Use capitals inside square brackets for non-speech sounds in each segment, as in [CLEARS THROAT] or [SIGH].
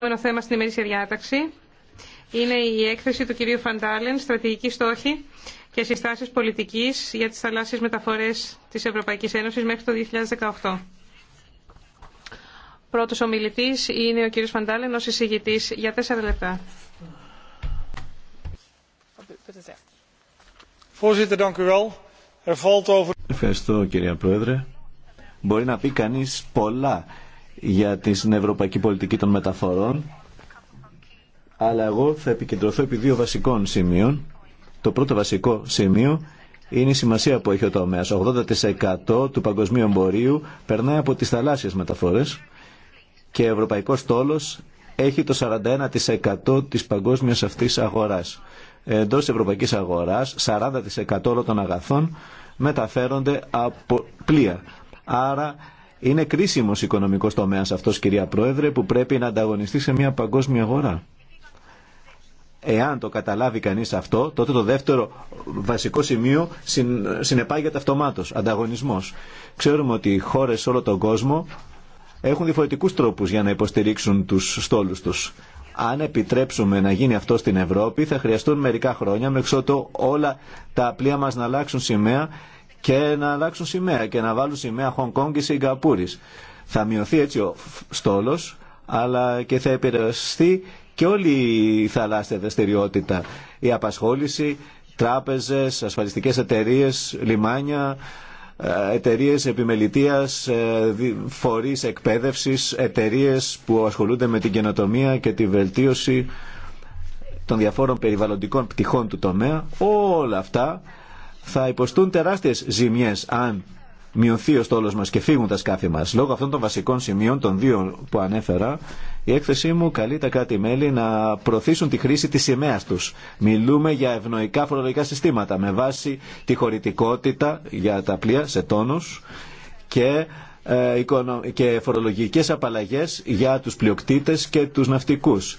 επόμενο θέμα στην ημερήσια διάταξη είναι η έκθεση του κυρίου Φαντάλεν, στρατηγική στόχη και συστάσεις πολιτικής για τις θαλάσσιες μεταφορές της Ευρωπαϊκής Ένωσης μέχρι το 2018. Πρώτος ομιλητής είναι ο κύριος Φαντάλεν ως εισηγητής για τέσσερα λεπτά. Er Ευχαριστώ κυρία Πρόεδρε. Μπορεί να πει κανείς πολλά για την ευρωπαϊκή πολιτική των μεταφορών αλλά εγώ θα επικεντρωθώ επί δύο βασικών σημείων. Το πρώτο βασικό σημείο είναι η σημασία που έχει ο τομέας. 80% του παγκοσμίου εμπορίου περνάει από τις θαλάσσιες μεταφορές και ο Ευρωπαϊκός τόλο έχει το 41% της παγκόσμιας αυτής αγοράς. Εντό τη Ευρωπαϊκής Αγοράς 40% όλων των αγαθών μεταφέρονται από πλοία. Άρα είναι κρίσιμος οικονομικός τομέα αυτός, κυρία Πρόεδρε, που πρέπει να ανταγωνιστεί σε μια παγκόσμια αγορά. Εάν το καταλάβει κανείς αυτό, τότε το δεύτερο βασικό σημείο συνεπάγεται αυτομάτω. ανταγωνισμός. Ξέρουμε ότι οι χώρες σε όλο τον κόσμο έχουν διαφορετικού τρόπους για να υποστηρίξουν τους στόλους τους. Αν επιτρέψουμε να γίνει αυτό στην Ευρώπη, θα χρειαστούν μερικά χρόνια μέχρι ότου όλα τα πλοία μα να αλλάξουν σημαία και να αλλάξουν σημαία και να βάλουν σημαία Χονγκ Κόνγκ και Θα μειωθεί έτσι ο στόλος, αλλά και θα επηρεαστεί και όλη η θαλάσσια δραστηριότητα, η απασχόληση, τράπεζες, ασφαλιστικές εταιρείε, λιμάνια, ε, εταιρείε επιμελητίας, ε, φορείς εκπαίδευση, εταιρείε που ασχολούνται με την καινοτομία και τη βελτίωση των διαφόρων περιβαλλοντικών πτυχών του τομέα. Όλα αυτά θα υποστούν τεράστιε ζημιές αν μειωθεί ο στόλος μας και φύγουν τα σκάφη μας. Λόγω αυτών των βασικών σημείων, των δύο που ανέφερα, η έκθεσή μου καλεί τα κράτη-μέλη να προωθήσουν τη χρήση τη σημαία τους. Μιλούμε για ευνοϊκά φορολογικά συστήματα με βάση τη χωρητικότητα για τα πλοία σε τόνου και ε, και φορολογικές απαλλαγές για τους πλειοκτήτες και τους ναυτικούς.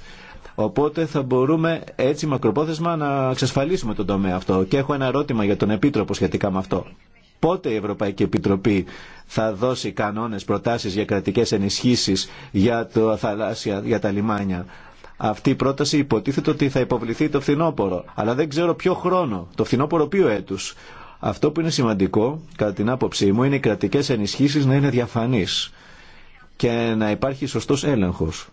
Οπότε θα μπορούμε έτσι μακροπρόθεσμα να εξασφαλίσουμε τον τομέα αυτό. Και έχω ένα ερώτημα για τον Επίτροπο σχετικά με αυτό. Πότε η Ευρωπαϊκή Επιτροπή θα δώσει κανόνες, προτάσεις για κρατικές ενισχύσεις για, το θαλάσσια, για τα λιμάνια. Αυτή η πρόταση υποτίθεται ότι θα υποβληθεί το φθινόπωρο. Αλλά δεν ξέρω ποιο χρόνο, το φθινόπωρο ποιο έτους. Αυτό που είναι σημαντικό, κατά την άποψή μου, είναι οι κρατικές ενισχύσεις να είναι διαφανείς και να υπάρχει σωστό έλεγχος.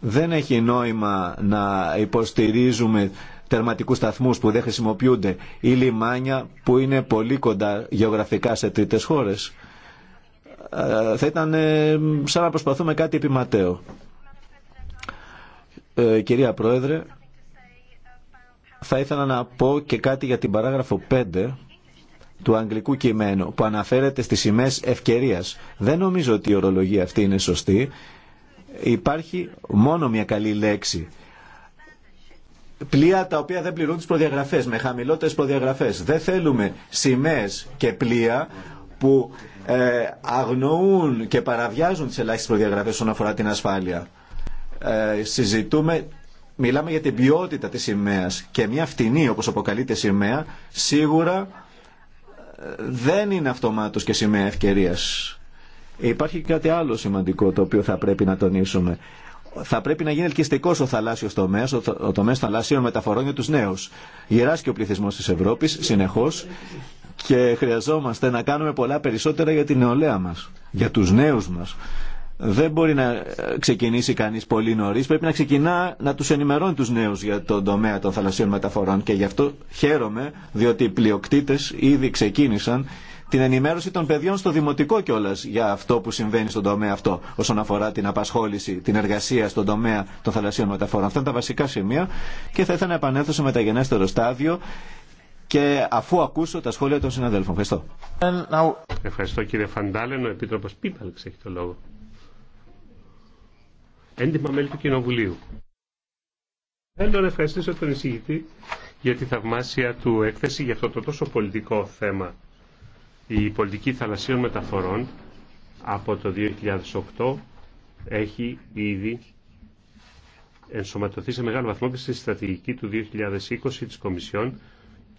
Δεν έχει νόημα να υποστηρίζουμε τερματικούς σταθμούς που δεν χρησιμοποιούνται ή λιμάνια που είναι πολύ κοντά γεωγραφικά σε τρίτες χώρες. Ε, θα ήταν ε, σαν να προσπαθούμε κάτι επιματέο. Ε, κυρία Πρόεδρε, θα ήθελα να πω και κάτι για την παράγραφο 5 του αγγλικού κειμένου που αναφέρεται στις σημαίες ευκαιρίας. Δεν νομίζω ότι η ορολογία αυτή είναι σωστή Υπάρχει μόνο μια καλή λέξη. Πλοία τα οποία δεν πληρούν τις προδιαγραφές, με χαμηλότερες προδιαγραφές. Δεν θέλουμε σημαίες και πλοία που ε, αγνοούν και παραβιάζουν τις ελάχιστες προδιαγραφές όσον αφορά την ασφάλεια. Ε, συζητούμε μιλάμε για την ποιότητα της σημαίας και μια φτηνή όπως αποκαλείται σημαία σίγουρα ε, δεν είναι αυτομάτως και σημαία ευκαιρίας. Υπάρχει και κάτι άλλο σημαντικό το οποίο θα πρέπει να τονίσουμε. Θα πρέπει να γίνει ελκυστικό ο θαλάσσιο τομέα, ο τομέα θαλάσσιων μεταφορών για του νέου. Γυράσκει ο πληθυσμό τη Ευρώπη συνεχώ και χρειαζόμαστε να κάνουμε πολλά περισσότερα για την νεολαία μα, για του νέου μα. Δεν μπορεί να ξεκινήσει κανεί πολύ νωρί. Πρέπει να ξεκινά να του ενημερώνει του νέου για τον τομέα των θαλασσίων μεταφορών. Και γι' αυτό χαίρομαι, διότι οι πλειοκτήτε ήδη ξεκίνησαν την ενημέρωση των παιδιών στο δημοτικό κιόλα για αυτό που συμβαίνει στον τομέα αυτό όσον αφορά την απασχόληση, την εργασία στον τομέα των θαλασσίων μεταφορών. Αυτά είναι τα βασικά σημεία και θα ήθελα να επανέλθω σε μεταγενέστερο στάδιο και αφού ακούσω τα σχόλια των συναδέλφων. Ευχαριστώ. Ευχαριστώ κύριε Φαντάλεν. Ο επίτροπο Πίπαλξ έχει το λόγο. Έντιμα μέλη του Κοινοβουλίου. Θέλω να ευχαριστήσω τον εισηγητή για τη θαυμάσια του έκθεση για αυτό το τόσο πολιτικό θέμα. Η πολιτική θαλασσίων μεταφορών από το 2008 έχει ήδη ενσωματωθεί σε μεγάλο βαθμό και στη στρατηγική του 2020 της Κομισιόν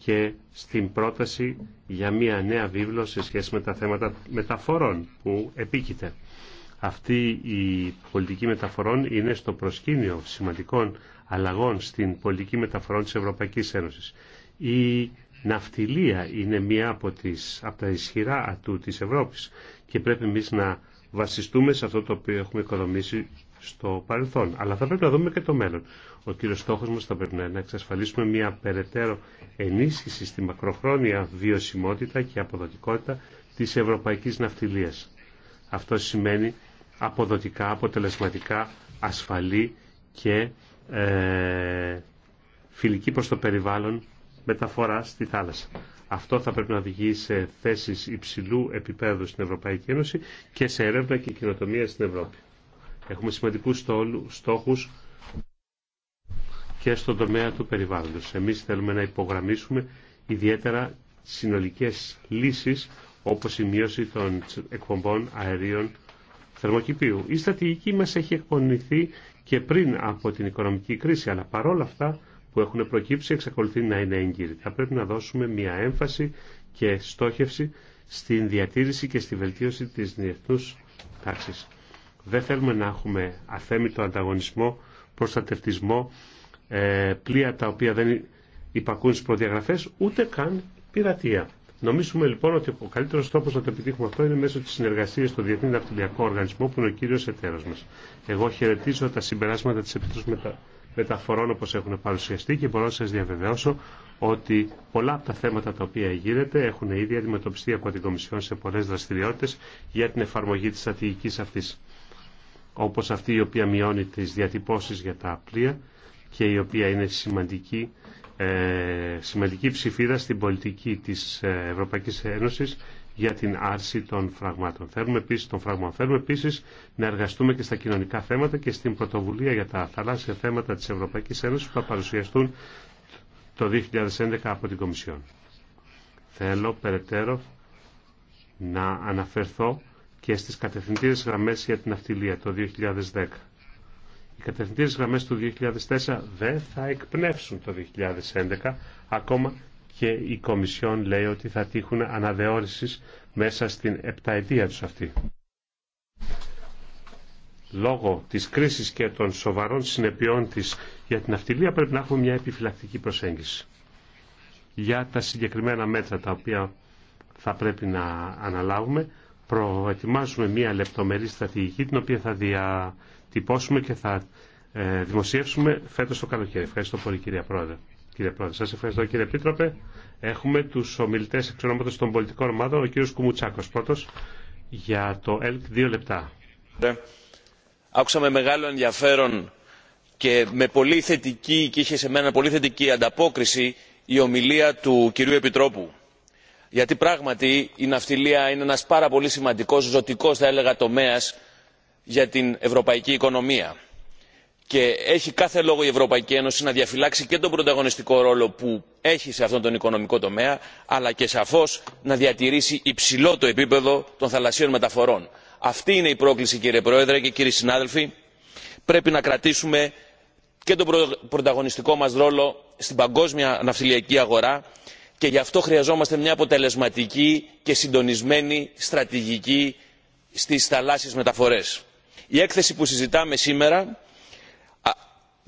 και στην πρόταση για μια νέα βίβλο σε σχέση με τα θέματα μεταφορών που επίκειται. Αυτή η πολιτική μεταφορών είναι στο προσκήνιο σημαντικών αλλαγών στην πολιτική μεταφορών της Ευρωπαϊκής Ένωσης ναυτιλία είναι μία από, τις, από τα ισχυρά ατού της Ευρώπης και πρέπει εμεί να βασιστούμε σε αυτό το οποίο έχουμε οικοδομήσει στο παρελθόν. Αλλά θα πρέπει να δούμε και το μέλλον. Ο κύριο στόχο μα θα πρέπει να είναι να εξασφαλίσουμε μια περαιτέρω ενίσχυση στη μακροχρόνια βιωσιμότητα και αποδοτικότητα τη ευρωπαϊκή ναυτιλία. Αυτό σημαίνει αποδοτικά, αποτελεσματικά, ασφαλή και ε, φιλική προ το περιβάλλον μεταφορά στη θάλασσα. Αυτό θα πρέπει να οδηγεί σε θέσεις υψηλού επίπεδου στην Ευρωπαϊκή Ένωση και σε έρευνα και κοινοτομία στην Ευρώπη. Έχουμε σημαντικούς στόχους και στον τομέα του περιβάλλοντος. Εμείς θέλουμε να υπογραμμίσουμε ιδιαίτερα συνολικές λύσεις όπως η μείωση των εκπομπών αερίων θερμοκηπίου. Η στρατηγική μας έχει εκπονηθεί και πριν από την οικονομική κρίση, αλλά παρόλα αυτά που έχουν προκύψει εξακολουθεί να είναι έγκυρη. Θα πρέπει να δώσουμε μια έμφαση και στόχευση στην διατήρηση και στη βελτίωση της διεθνούς τάξης. Δεν θέλουμε να έχουμε αθέμητο ανταγωνισμό, προστατευτισμό, ε, πλοία τα οποία δεν υπακούν στις προδιαγραφές, ούτε καν πειρατεία. Νομίζουμε λοιπόν ότι ο καλύτερο τρόπο να το επιτύχουμε αυτό είναι μέσω τη συνεργασία στο Διεθνή Ναυτιλιακό Οργανισμό που είναι ο κύριο εταίρο μα. Εγώ χαιρετίζω τα συμπεράσματα τη Επιτροπή Μετα μεταφορών όπως έχουν παρουσιαστεί και μπορώ να σας διαβεβαιώσω ότι πολλά από τα θέματα τα οποία γίνεται έχουν ήδη αντιμετωπιστεί από την Κομισιόν σε πολλές δραστηριότητες για την εφαρμογή της στρατηγικής αυτής. Όπως αυτή η οποία μειώνει τις διατυπώσεις για τα πλοία και η οποία είναι σημαντική, ε, σημαντική ψηφίδα στην πολιτική της ε, Ευρωπαϊκής Ένωσης για την άρση των φραγμάτων. Θέλουμε επίσης, των Θέλουμε επίσης να εργαστούμε και στα κοινωνικά θέματα και στην πρωτοβουλία για τα θαλάσσια θέματα της Ευρωπαϊκής Ένωσης που θα παρουσιαστούν το 2011 από την Κομισιόν. Θέλω περαιτέρω να αναφερθώ και στις κατευθυντήρες γραμμές για την αυτιλία το 2010. Οι κατευθυντήρες γραμμές του 2004 δεν θα εκπνεύσουν το 2011 ακόμα και η Κομισιόν λέει ότι θα τύχουν αναδεώρησης μέσα στην επταετία τους αυτή. Λόγω της κρίσης και των σοβαρών συνεπειών της για την αυτιλία πρέπει να έχουμε μια επιφυλακτική προσέγγιση. Για τα συγκεκριμένα μέτρα τα οποία θα πρέπει να αναλάβουμε προετοιμάζουμε μια λεπτομερή στρατηγική την οποία θα διατυπώσουμε και θα ε, δημοσιεύσουμε φέτος το καλοκαίρι. Ευχαριστώ πολύ κυρία Πρόεδρε κύριε Πρόεδρε. Σας ευχαριστώ κύριε Επίτροπε. Έχουμε του ομιλητέ εξ των πολιτικών ομάδων. Ο κύριο Κουμουτσάκος πρώτο, για το ΕΛΚ. Δύο λεπτά. Άκουσα με μεγάλο ενδιαφέρον και με πολύ θετική και είχε σε μένα πολύ θετική ανταπόκριση η ομιλία του κυρίου Επιτρόπου. Γιατί πράγματι η ναυτιλία είναι ένας πάρα πολύ σημαντικός, ζωτικός θα έλεγα τομέας για την ευρωπαϊκή οικονομία και έχει κάθε λόγο η ευρωπαϊκή ένωση να διαφυλάξει και τον πρωταγωνιστικό ρόλο που έχει σε αυτόν τον οικονομικό τομέα αλλά και σαφώς να διατηρήσει υψηλό το επίπεδο των θαλασσίων μεταφορών. αυτή είναι η πρόκληση κύριε πρόεδρε και κύριοι συνάδελφοι πρέπει να κρατήσουμε και τον πρωταγωνιστικό μας ρόλο στην παγκόσμια ναυτιλιακή αγορά και γι' αυτό χρειαζόμαστε μια αποτελεσματική και συντονισμένη στρατηγική στις θαλάσσιες μεταφορές. η έκθεση που συζητάμε σήμερα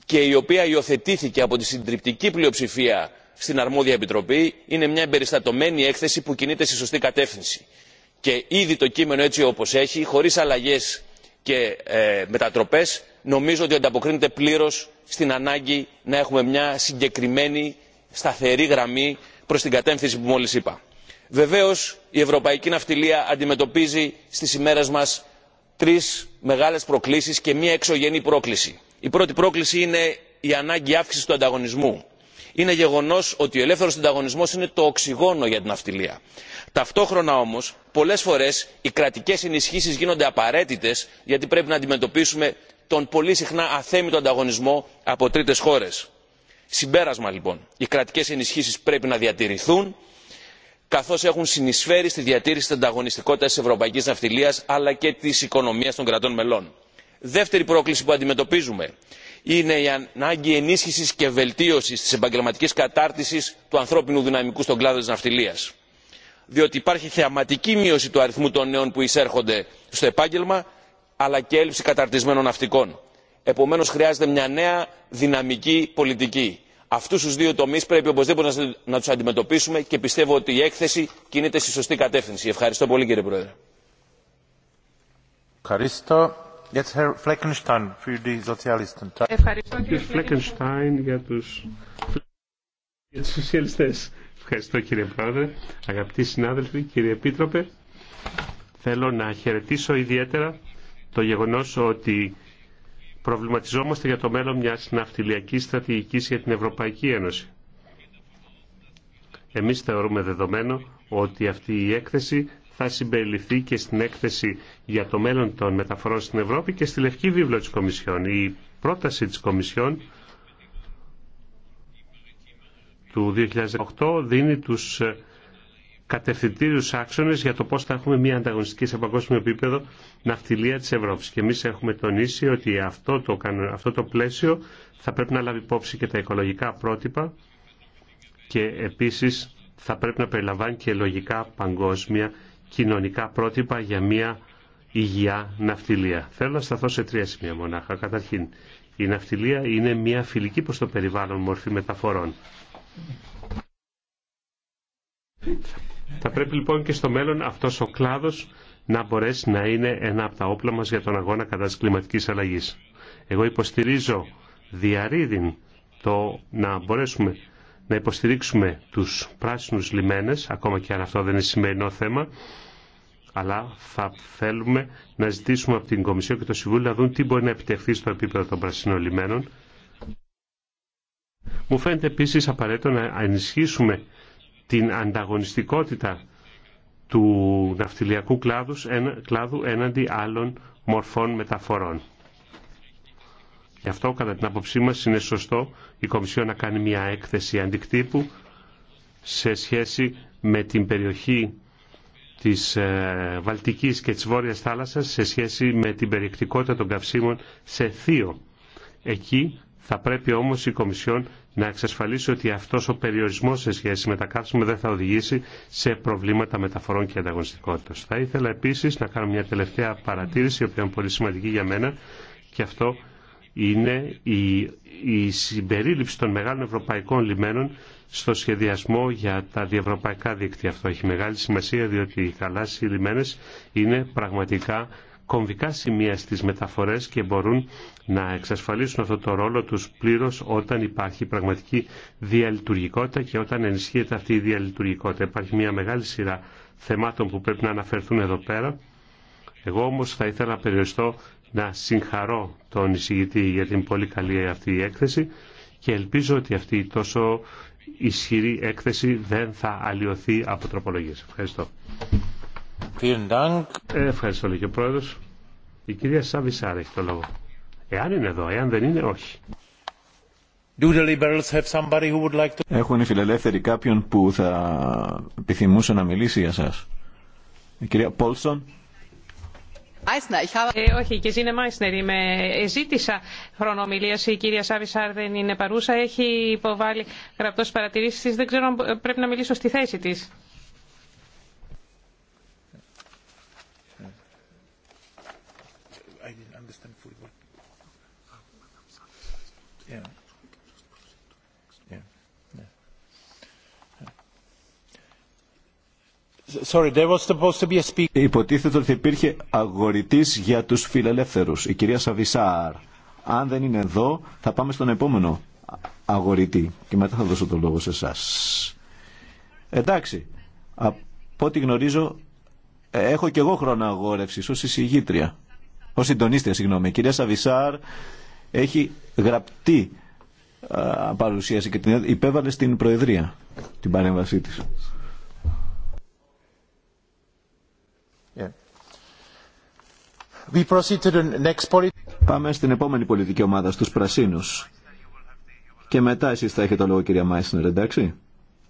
και η οποία υιοθετήθηκε από τη συντριπτική πλειοψηφία στην αρμόδια επιτροπή είναι μια εμπεριστατωμένη έκθεση που κινείται στη σωστή κατεύθυνση και ήδη το κείμενο έτσι όπως έχει χωρίς αλλαγές και ε, μετατροπές νομίζω ότι ανταποκρίνεται πλήρως στην ανάγκη να έχουμε μια συγκεκριμένη σταθερή γραμμή προς την κατεύθυνση που μόλις είπα. βεβαίως η ευρωπαϊκή ναυτιλία αντιμετωπίζει στις ημέρες μας τρεις μεγάλες προκλήσεις και μια εξωγενή πρόκληση η πρώτη πρόκληση είναι η ανάγκη αύξηση του ανταγωνισμού. είναι γεγονό ότι ο ελεύθερο ανταγωνισμό είναι το οξυγόνο για την ναυτιλία. ταυτόχρονα όμω πολλέ φορέ οι κρατικέ ενισχύσει γίνονται απαραίτητε γιατί πρέπει να αντιμετωπίσουμε τον πολύ συχνά αθέμητο ανταγωνισμό από τρίτε χώρε. συμπέρασμα λοιπόν οι κρατικέ ενισχύσει πρέπει να διατηρηθούν καθώ έχουν συνεισφέρει στη διατήρηση τη ανταγωνιστικότητα τη ευρωπαϊκή ναυτιλία αλλά και τη οικονομία των κρατών μελών δεύτερη πρόκληση που αντιμετωπίζουμε είναι η ανάγκη ενίσχυση και βελτίωση τη επαγγελματική κατάρτιση του ανθρώπινου δυναμικού στον κλάδο τη ναυτιλίας διότι υπάρχει θεαματική μείωση του αριθμού των νέων που εισέρχονται στο επάγγελμα αλλά και έλλειψη καταρτισμένων ναυτικών. Επομένω, χρειάζεται μια νέα δυναμική πολιτική. Αυτού του δύο τομεί πρέπει οπωσδήποτε να του αντιμετωπίσουμε και πιστεύω ότι η έκθεση κινείται στη σωστή κατεύθυνση. ευχαριστώ πολύ κύριε πρόεδρε. Ευχαριστώ κύριε σοσιαλιστές. Πρόεδρε, αγαπητοί συνάδελφοι, κύριε Επίτροπε. Θέλω να χαιρετήσω ιδιαίτερα το γεγονός ότι προβληματιζόμαστε για το μέλλον μιας ναυτιλιακής στρατηγικής για την Ευρωπαϊκή Ένωση. Εμείς θεωρούμε δεδομένο ότι αυτή η έκθεση θα συμπεριληφθεί και στην έκθεση για το μέλλον των μεταφορών στην Ευρώπη και στη Λευκή Βίβλο της Κομισιόν. Η πρόταση της Κομισιόν του 2008 δίνει τους ε, κατευθυντήριους άξονες για το πώς θα έχουμε μια ανταγωνιστική σε παγκόσμιο επίπεδο ναυτιλία της Ευρώπης. Και εμείς έχουμε τονίσει ότι αυτό το, αυτό το πλαίσιο θα πρέπει να λάβει υπόψη και τα οικολογικά πρότυπα και επίσης θα πρέπει να περιλαμβάνει και λογικά παγκόσμια κοινωνικά πρότυπα για μια υγεία ναυτιλία. Θέλω να σταθώ σε τρία σημεία μονάχα. Καταρχήν, η ναυτιλία είναι μια φιλική προς το περιβάλλον μορφή μεταφορών. Θα πρέπει λοιπόν και στο μέλλον αυτός ο κλάδος να μπορέσει να είναι ένα από τα όπλα μας για τον αγώνα κατά της κλιματικής αλλαγής. Εγώ υποστηρίζω διαρρήδην το να μπορέσουμε να υποστηρίξουμε τους πράσινους λιμένες, ακόμα και αν αυτό δεν είναι σημερινό θέμα, αλλά θα θέλουμε να ζητήσουμε από την Κομισιό και το Συμβούλιο να δουν τι μπορεί να επιτευχθεί στο επίπεδο των πρασινών λιμένων. Μου φαίνεται επίσης απαραίτητο να ενισχύσουμε την ανταγωνιστικότητα του ναυτιλιακού κλάδου έναντι άλλων μορφών μεταφορών. Γι' αυτό κατά την άποψή μα είναι σωστό η Κομισιόν να κάνει μια έκθεση αντικτύπου σε σχέση με την περιοχή της ε, Βαλτικής και της Βόρειας Θάλασσας σε σχέση με την περιεκτικότητα των καυσίμων σε θείο. Εκεί θα πρέπει όμως η Κομισιόν να εξασφαλίσει ότι αυτός ο περιορισμός σε σχέση με τα καύσιμα δεν θα οδηγήσει σε προβλήματα μεταφορών και ανταγωνιστικότητας. Θα ήθελα επίσης να κάνω μια τελευταία παρατήρηση, η οποία είναι πολύ σημαντική για μένα, και αυτό είναι η, η συμπερίληψη των μεγάλων ευρωπαϊκών λιμένων στο σχεδιασμό για τα διευρωπαϊκά δίκτυα. Αυτό έχει μεγάλη σημασία διότι οι θαλάσσιοι λιμένες είναι πραγματικά κομβικά σημεία στις μεταφορές και μπορούν να εξασφαλίσουν αυτό το ρόλο τους πλήρως όταν υπάρχει πραγματική διαλειτουργικότητα και όταν ενισχύεται αυτή η διαλειτουργικότητα. Υπάρχει μια μεγάλη σειρά θεμάτων που πρέπει να αναφερθούν εδώ πέρα. Εγώ όμως θα ήθελα να περιοριστώ να συγχαρώ τον εισηγητή για την πολύ καλή αυτή η έκθεση και ελπίζω ότι αυτή η τόσο ισχυρή έκθεση δεν θα αλλοιωθεί από τροπολογίες. Ευχαριστώ. Ε, ευχαριστώ λέει και ο πρόεδρος. Η κυρία Σαββισάρα έχει το λόγο. Εάν είναι εδώ, εάν δεν είναι, όχι. Έχουν οι φιλελεύθεροι κάποιον που θα επιθυμούσε να μιλήσει για σας. Η κυρία Πόλσον. Ε, όχι, και Ζήνε Μάισνερ είμαι. Ε, ζήτησα χρονομιλία. Η κυρία Σάβισαρ δεν είναι παρούσα. Έχει υποβάλει γραπτό παρατηρήσει. Δεν ξέρω αν πρέπει να μιλήσω στη θέση τη. Υποτίθεται ότι υπήρχε αγορητής για τους φιλελεύθερους, η κυρία Σαβισάρ. Αν δεν είναι εδώ, θα πάμε στον επόμενο αγορητή και μετά θα δώσω τον λόγο σε εσά. Εντάξει, από ό,τι γνωρίζω, έχω και εγώ χρόνο αγόρευσης ως εισηγήτρια, ως συντονίστρια, συγγνώμη. Η κυρία Σαβισάρ έχει γραπτή παρουσίαση και την υπέβαλε στην Προεδρία την παρέμβασή της. Πάμε στην επόμενη πολιτική ομάδα, στους Πρασίνους. Και μετά εσείς θα έχετε το λόγο κυρία Μάισνερ, εντάξει.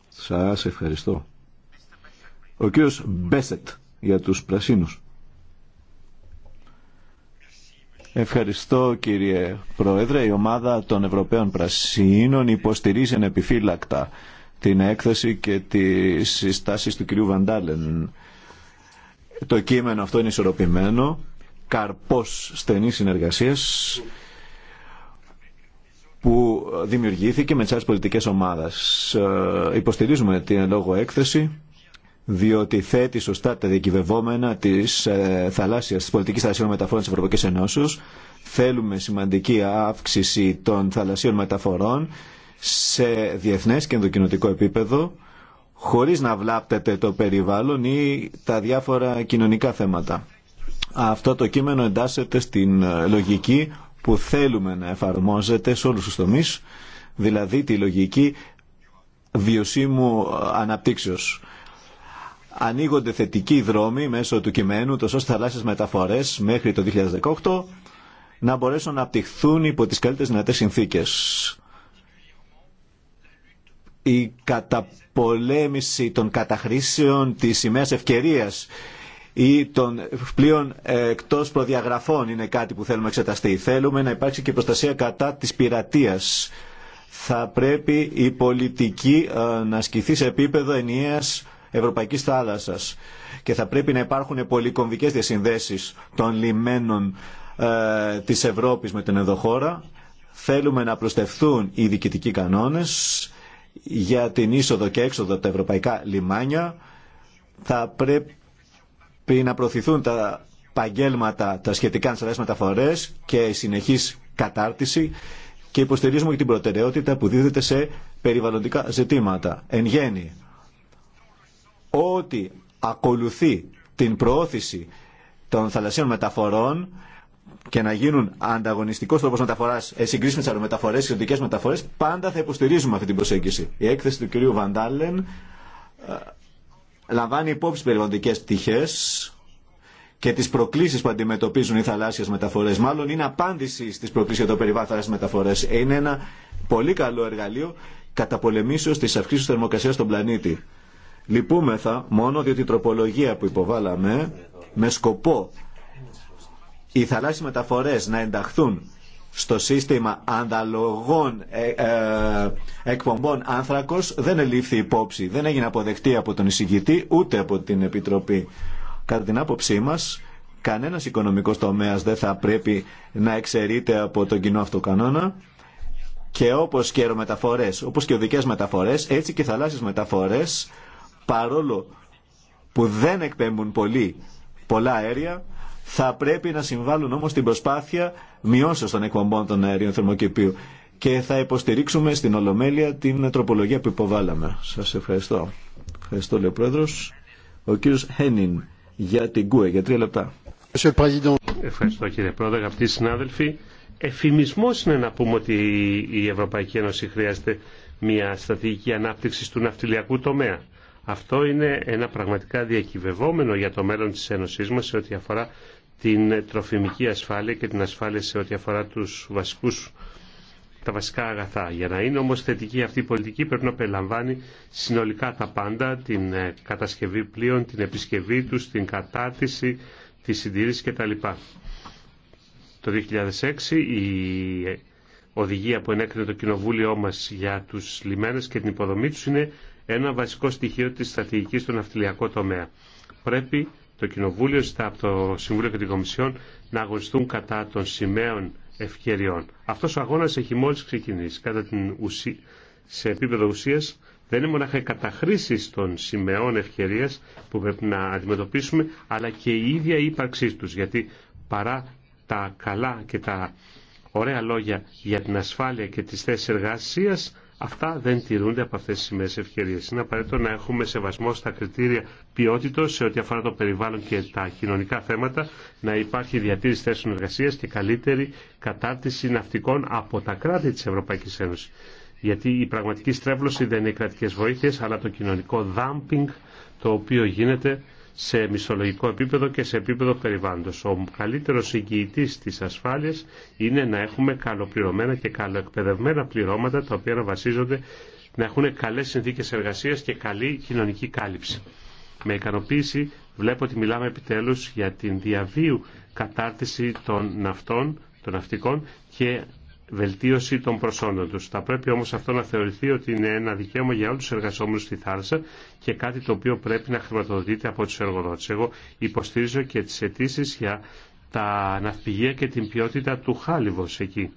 Σας ευχαριστώ. Ο κύριος Μπέσετ για τους Πρασίνους. Ευχαριστώ κύριε Πρόεδρε. Η ομάδα των Ευρωπαίων Πρασίνων υποστηρίζει ανεπιφύλακτα την έκθεση και τι συστάσεις του κυρίου Βαντάλεν. Το κείμενο αυτό είναι ισορροπημένο καρπός στενής συνεργασίας που δημιουργήθηκε με τις άλλες πολιτικές ομάδες. Ε, υποστηρίζουμε την λόγω έκθεση διότι θέτει σωστά τα διακυβευόμενα της ε, θαλάσσιας, της πολιτικής θαλασσίων μεταφορών της Ευρωπαϊκής Ενώσεως. Θέλουμε σημαντική αύξηση των θαλασσίων μεταφορών σε διεθνές και ενδοκινοτικό επίπεδο χωρίς να βλάπτεται το περιβάλλον ή τα διάφορα κοινωνικά θέματα. Αυτό το κείμενο εντάσσεται στην ε, λογική που θέλουμε να εφαρμόζεται σε όλους τους τομείς, δηλαδή τη λογική βιωσίμου ε, αναπτύξεως. Ανοίγονται θετικοί δρόμοι μέσω του κειμένου, τόσο στις θαλάσσιες μεταφορές μέχρι το 2018, να μπορέσουν να απτυχθούν υπό τις καλύτερες δυνατές συνθήκες. Η καταπολέμηση των καταχρήσεων της σημαίας ευκαιρίας ή των πλοίων ε, εκτός προδιαγραφών είναι κάτι που θέλουμε να εξεταστεί. Θέλουμε να υπάρξει και προστασία κατά της πειρατείας. Θα πρέπει η πολιτική ε, να εξεταστει θελουμε να υπαρξει και προστασια κατα της πειρατεια θα πρεπει η πολιτικη να ασκηθει σε επίπεδο ενιαίας ευρωπαϊκής Θάλασσα και θα πρέπει να υπάρχουν πολυκομβικέ διασυνδέσεις των λιμένων ε, της Ευρώπης με την Εδοχώρα. Θέλουμε να προστευθούν οι διοικητικοί κανόνε για την είσοδο και έξοδο τα ευρωπαϊκά λιμάνια. Θα πριν να προωθηθούν τα παγγέλματα, τα σχετικά ανασταλές μεταφορές και η συνεχής κατάρτιση και υποστηρίζουμε και την προτεραιότητα που δίδεται σε περιβαλλοντικά ζητήματα. Εν γέννη, ό,τι ακολουθεί την προώθηση των θαλασσίων μεταφορών και να γίνουν ανταγωνιστικό τρόπο μεταφορά, σε συγκρίσει με τι αερομεταφορέ, μεταφορέ, πάντα θα υποστηρίζουμε αυτή την προσέγγιση. Η έκθεση του κυρίου Βαντάλεν ε, λαμβάνει υπόψη περιβαλλοντικές πτυχέ και τις προκλήσεις που αντιμετωπίζουν οι θαλάσσιες μεταφορές. Μάλλον είναι απάντηση στις προκλήσεις για το περιβάλλον θαλάσσιες μεταφορές. Είναι ένα πολύ καλό εργαλείο τη της αυξήσεως θερμοκρασίας στον πλανήτη. Λυπούμεθα μόνο διότι η τροπολογία που υποβάλαμε με σκοπό οι θαλάσσιες μεταφορές να ενταχθούν στο σύστημα ανταλογών ε, ε, εκπομπών άνθρακος δεν ελήφθη υπόψη, δεν έγινε αποδεκτή από τον εισηγητή ούτε από την Επιτροπή. Κατά την άποψή μας, κανένας οικονομικός τομέας δεν θα πρέπει να εξαιρείται από τον κοινό κανόνα και όπως και αερομεταφορές, όπως και οδικές μεταφορές, έτσι και θαλάσσιες μεταφορές, παρόλο που δεν εκπέμπουν πολύ πολλά αέρια, θα πρέπει να συμβάλλουν όμως την προσπάθεια μειώσεω των εκπομπών των αερίων θερμοκηπίου και θα υποστηρίξουμε στην Ολομέλεια την τροπολογία που υποβάλαμε. Σα ευχαριστώ. Ευχαριστώ, λέει ο πρόεδρο. Ο κύριος Χένιν για την ΚΟΕ, για τρία λεπτά. Ευχαριστώ κύριε Πρόεδρε, αγαπητοί συνάδελφοι. Εφημισμό είναι να πούμε ότι η Ευρωπαϊκή Ένωση χρειάζεται μια στρατηγική ανάπτυξη του ναυτιλιακού τομέα. Αυτό είναι ένα πραγματικά διακυβευόμενο για το μέλλον τη Ένωσή μα σε ό,τι αφορά την τροφιμική ασφάλεια και την ασφάλεια σε ό,τι αφορά τους βασικούς, τα βασικά αγαθά. Για να είναι όμως θετική αυτή η πολιτική πρέπει να περιλαμβάνει συνολικά τα πάντα, την ε, κατασκευή πλοίων, την επισκευή τους, την κατάρτιση, τη συντήρηση κτλ. Το 2006 η ε, οδηγία που ενέκρινε το Κοινοβούλιο μας για τους λιμένες και την υποδομή τους είναι ένα βασικό στοιχείο της στρατηγικής στον ναυτιλιακό τομέα. Πρέπει το Κοινοβούλιο ζητά από το Συμβούλιο και την Κομισιόν να αγωνιστούν κατά των σημαίων ευκαιριών. Αυτό ο αγώνα έχει μόλι ξεκινήσει. Κατά την ουσί... σε επίπεδο ουσία δεν είναι μόνο η καταχρήσει των σημαίων ευκαιρία που πρέπει να αντιμετωπίσουμε, αλλά και η ίδια η ύπαρξή του. Γιατί παρά τα καλά και τα ωραία λόγια για την ασφάλεια και τις θέσει εργασία. Αυτά δεν τηρούνται από αυτές τις σημαίες ευκαιρίες. Είναι απαραίτητο να έχουμε σεβασμό στα κριτήρια ποιότητος σε ό,τι αφορά το περιβάλλον και τα κοινωνικά θέματα, να υπάρχει διατήρηση θέσεων εργασίας και καλύτερη κατάρτιση ναυτικών από τα κράτη της Ευρωπαϊκής Ένωσης. Γιατί η πραγματική στρέβλωση δεν είναι οι κρατικές βοήθειες, αλλά το κοινωνικό dumping το οποίο γίνεται σε μισολογικό επίπεδο και σε επίπεδο περιβάλλοντος. Ο καλύτερος εγγυητής της ασφάλειας είναι να έχουμε καλοπληρωμένα και καλοεκπαιδευμένα πληρώματα τα οποία να βασίζονται να έχουν καλές συνθήκες εργασίας και καλή κοινωνική κάλυψη. Με ικανοποίηση βλέπω ότι μιλάμε επιτέλους για την διαβίου κατάρτιση των ναυτών, των ναυτικών και βελτίωση των προσόντων τους. Θα πρέπει όμως αυτό να θεωρηθεί ότι είναι ένα δικαίωμα για όλους τους εργαζόμενους στη θάλασσα και κάτι το οποίο πρέπει να χρηματοδοτείται από τους εργοδότες. Εγώ υποστήριζω και τις αιτήσει για τα ναυπηγεία και την ποιότητα του χάλιβος εκεί.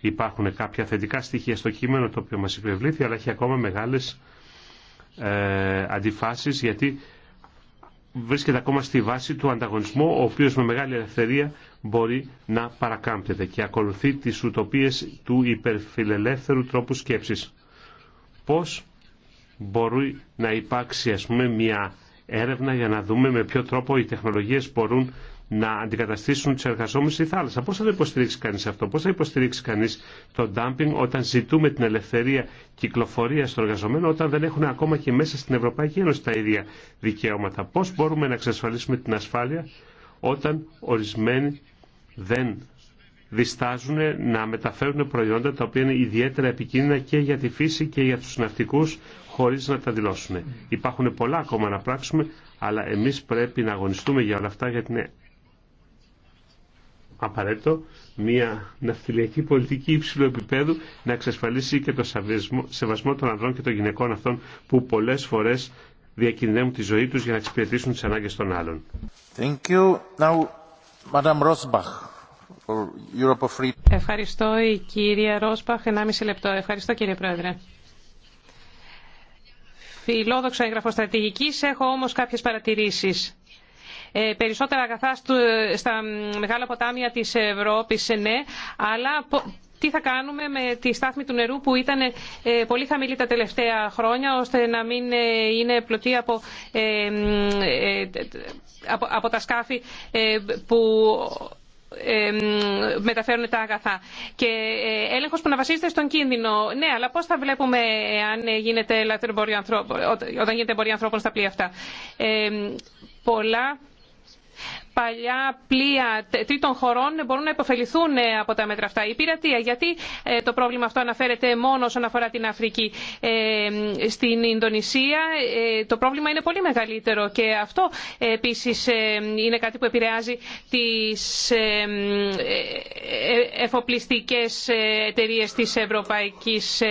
Υπάρχουν κάποια θετικά στοιχεία στο κείμενο το οποίο μας υπευλήθη, αλλά έχει ακόμα μεγάλες ε, αντιφάσεις γιατί βρίσκεται ακόμα στη βάση του ανταγωνισμού ο οποίος με μεγάλη ελευθερία μπορεί να παρακάμπτεται και ακολουθεί τις ουτοπίες του υπερφιλελεύθερου τρόπου σκέψης. Πώς μπορεί να υπάρξει ας μια έρευνα για να δούμε με ποιο τρόπο οι τεχνολογίες μπορούν να αντικαταστήσουν του εργαζόμενου στη θάλασσα. Πώ θα το υποστηρίξει κανεί αυτό, πώ θα υποστηρίξει κανεί το dumping όταν ζητούμε την ελευθερία κυκλοφορία των εργαζομένων, όταν δεν έχουν ακόμα και μέσα στην Ευρωπαϊκή Ένωση τα ίδια δικαιώματα. Πώ μπορούμε να εξασφαλίσουμε την ασφάλεια όταν ορισμένοι δεν διστάζουν να μεταφέρουν προϊόντα τα οποία είναι ιδιαίτερα επικίνδυνα και για τη φύση και για τους ναυτικούς χωρίς να τα δηλώσουν. Υπάρχουν πολλά ακόμα να πράξουμε, αλλά εμείς πρέπει να αγωνιστούμε για όλα αυτά γιατί είναι απαραίτητο μια ναυτιλιακή πολιτική υψηλού επίπεδου να εξασφαλίσει και το σεβασμό των ανδρών και των γυναικών αυτών που πολλές φορές διακινδυνεύουν τη ζωή τους για να εξυπηρετήσουν τις ανάγκες των άλλων. Thank you. Now, Madame Rosbach. Ευχαριστώ η κυρία Ρόσπαχ, 1,5 λεπτό. Ευχαριστώ κύριε Πρόεδρε. Φιλόδοξο έγγραφο στρατηγικής, έχω όμως κάποιες παρατηρήσεις. Ε, περισσότερα αγαθά στα μεγάλα ποτάμια της Ευρώπης, ναι, αλλά τι θα κάνουμε με τη στάθμη του νερού που ήταν ε, πολύ χαμηλή τα τελευταία χρόνια ώστε να μην ε, είναι πλωτή ε, από, από, τα σκάφη που μεταφέρουν τα αγαθά. Και έλεγχος που να βασίζεται στον κίνδυνο. Ναι, αλλά πώς θα βλέπουμε αν γίνεται όταν γίνεται εμπορία ανθρώπων στα πλοία αυτά. πολλά παλιά πλοία τρίτων χωρών μπορούν να υποφεληθούν ε, από τα μέτρα αυτά. Η πειρατεία, γιατί ε, το πρόβλημα αυτό αναφέρεται μόνο όσον αφορά την Αφρική. Ε, στην Ινδονησία το πρόβλημα είναι πολύ μεγαλύτερο και αυτό επίσης είναι κάτι που επηρεάζει τις εφοπλιστικές εταιρείες της Ευρωπαϊκής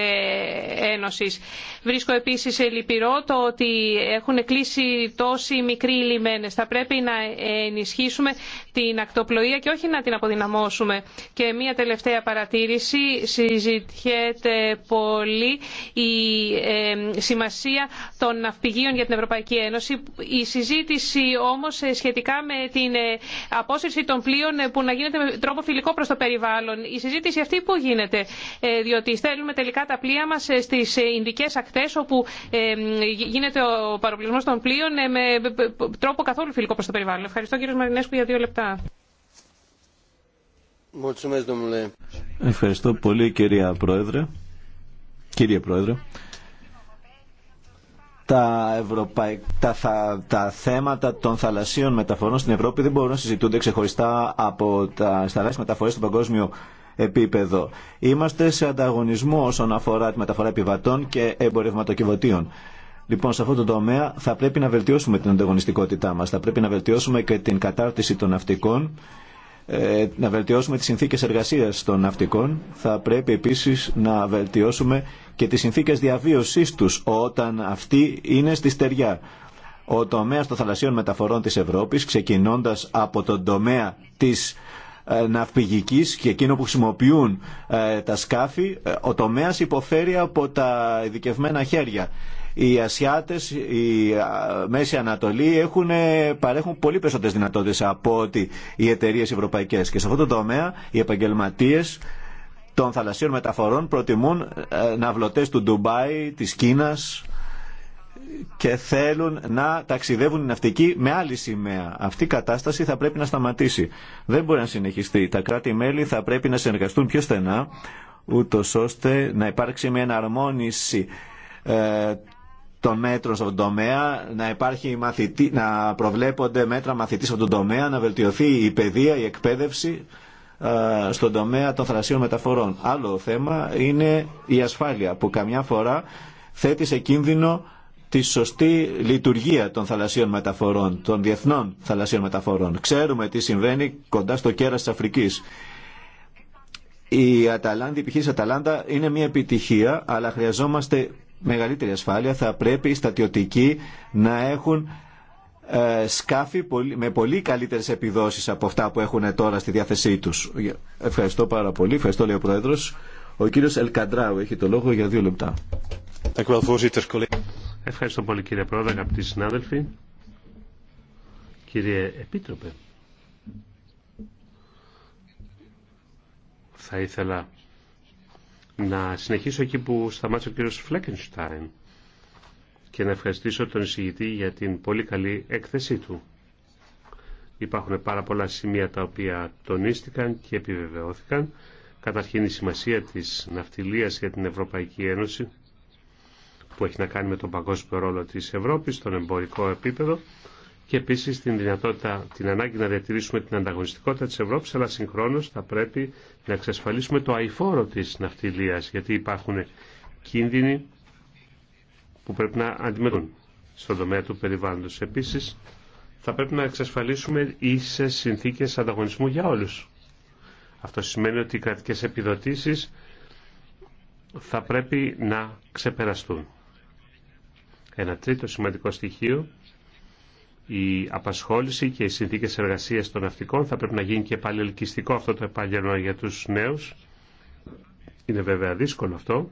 Ένωση. Βρίσκω επίσης λυπηρό το ότι έχουν κλείσει τόσοι μικροί λιμένε. Θα πρέπει να ενισχύσουν ενισχύσουμε την ακτοπλοεία και όχι να την αποδυναμώσουμε. Και μία τελευταία παρατήρηση. Συζητιέται πολύ η σημασία των ναυπηγείων για την Ευρωπαϊκή Ένωση. Η συζήτηση όμως σχετικά με την ε, απόσυρση των πλοίων ε, που να γίνεται με τρόπο φιλικό προς το περιβάλλον. Η συζήτηση αυτή που γίνεται, ε, διότι στέλνουμε τελικά τα πλοία μας στις Ινδικές ακτές όπου γίνεται ο παροπλισμός των πλοίων με τρόπο καθόλου φιλικό προς το περιβάλλον. Ευχαριστώ κύριε Μαρινέσκου για δύο λεπτά. Ευχαριστώ πολύ κυρία Πρόεδρε. Κύριε Πρόεδρε. Τα, θέματα των θαλασσίων μεταφορών στην Ευρώπη δεν μπορούν να συζητούνται ξεχωριστά από τα θαλάσσιες μεταφορές στο παγκόσμιο επίπεδο. Είμαστε σε ανταγωνισμό όσον αφορά τη μεταφορά επιβατών και εμπορευματοκιβωτίων. Λοιπόν, σε αυτό το τομέα θα πρέπει να βελτιώσουμε την ανταγωνιστικότητά μας, θα πρέπει να βελτιώσουμε και την κατάρτιση των ναυτικών, ε, να βελτιώσουμε τις συνθήκες εργασίας των ναυτικών, θα πρέπει επίσης να βελτιώσουμε και τις συνθήκες διαβίωσής τους όταν αυτοί είναι στη στεριά. Ο τομέας των θαλασσίων μεταφορών της Ευρώπης, ξεκινώντας από τον τομέα της ε, ναυπηγικής και εκείνο που χρησιμοποιούν ε, τα σκάφη, ο τομέας υποφέρει από τα ειδικευμένα χέρια οι Ασιάτες, οι Μέση Ανατολή έχουν, ε, παρέχουν πολύ περισσότερες δυνατότητες από ότι οι εταιρείε ευρωπαϊκές. Και σε αυτό το τομέα οι επαγγελματίες των θαλασσίων μεταφορών προτιμούν ε, ναυλωτές του Ντουμπάι, της Κίνας και θέλουν να ταξιδεύουν οι ναυτικοί με άλλη σημαία. Αυτή η κατάσταση θα πρέπει να σταματήσει. Δεν μπορεί να συνεχιστεί. Τα κράτη-μέλη θα πρέπει να συνεργαστούν πιο στενά, ούτως ώστε να υπάρξει μια εναρμόνιση ε, των μέτρων στον τομέα, να, υπάρχει μαθητή, να προβλέπονται μέτρα μαθητή στον τομέα, να βελτιωθεί η παιδεία, η εκπαίδευση ε, στον τομέα των θρασίων μεταφορών. Άλλο θέμα είναι η ασφάλεια που καμιά φορά θέτει σε κίνδυνο τη σωστή λειτουργία των θαλασσίων μεταφορών, των διεθνών θαλασσίων μεταφορών. Ξέρουμε τι συμβαίνει κοντά στο κέρας της Αφρικής. Η Αταλάντη, η επιχείρηση Αταλάντα είναι μια επιτυχία, αλλά χρειαζόμαστε μεγαλύτερη ασφάλεια θα πρέπει οι στατιωτικοί να έχουν ε, σκάφη με πολύ καλύτερες επιδόσεις από αυτά που έχουν τώρα στη διάθεσή τους. Ευχαριστώ πάρα πολύ. Ευχαριστώ λέει ο Πρόεδρος. Ο κύριος Ελκαντράου έχει το λόγο για δύο λεπτά. Ευχαριστώ πολύ κύριε Πρόεδρε, αγαπητοί συνάδελφοι. Κύριε Επίτροπε, θα ήθελα να συνεχίσω εκεί που σταμάτησε ο κύριος Φλέκενστάιν και να ευχαριστήσω τον εισηγητή για την πολύ καλή έκθεσή του. Υπάρχουν πάρα πολλά σημεία τα οποία τονίστηκαν και επιβεβαιώθηκαν. Καταρχήν η σημασία της ναυτιλίας για την Ευρωπαϊκή Ένωση που έχει να κάνει με τον παγκόσμιο ρόλο της Ευρώπης στον εμπορικό επίπεδο και επίσης την δυνατότητα, την ανάγκη να διατηρήσουμε την ανταγωνιστικότητα της Ευρώπης, αλλά συγχρονώ θα πρέπει να εξασφαλίσουμε το αϊφόρο της ναυτιλίας, γιατί υπάρχουν κίνδυνοι που πρέπει να αντιμετωπίσουν στον τομέα του περιβάλλοντο. Επίσης, θα πρέπει να εξασφαλίσουμε ίσες συνθήκες ανταγωνισμού για όλου. Αυτό σημαίνει ότι οι κρατικέ επιδοτήσει θα πρέπει να ξεπεραστούν. Ένα τρίτο σημαντικό στοιχείο η απασχόληση και οι συνθήκες εργασίας των ναυτικών θα πρέπει να γίνει και πάλι ελκυστικό αυτό το επάγγελμα για τους νέους. Είναι βέβαια δύσκολο αυτό.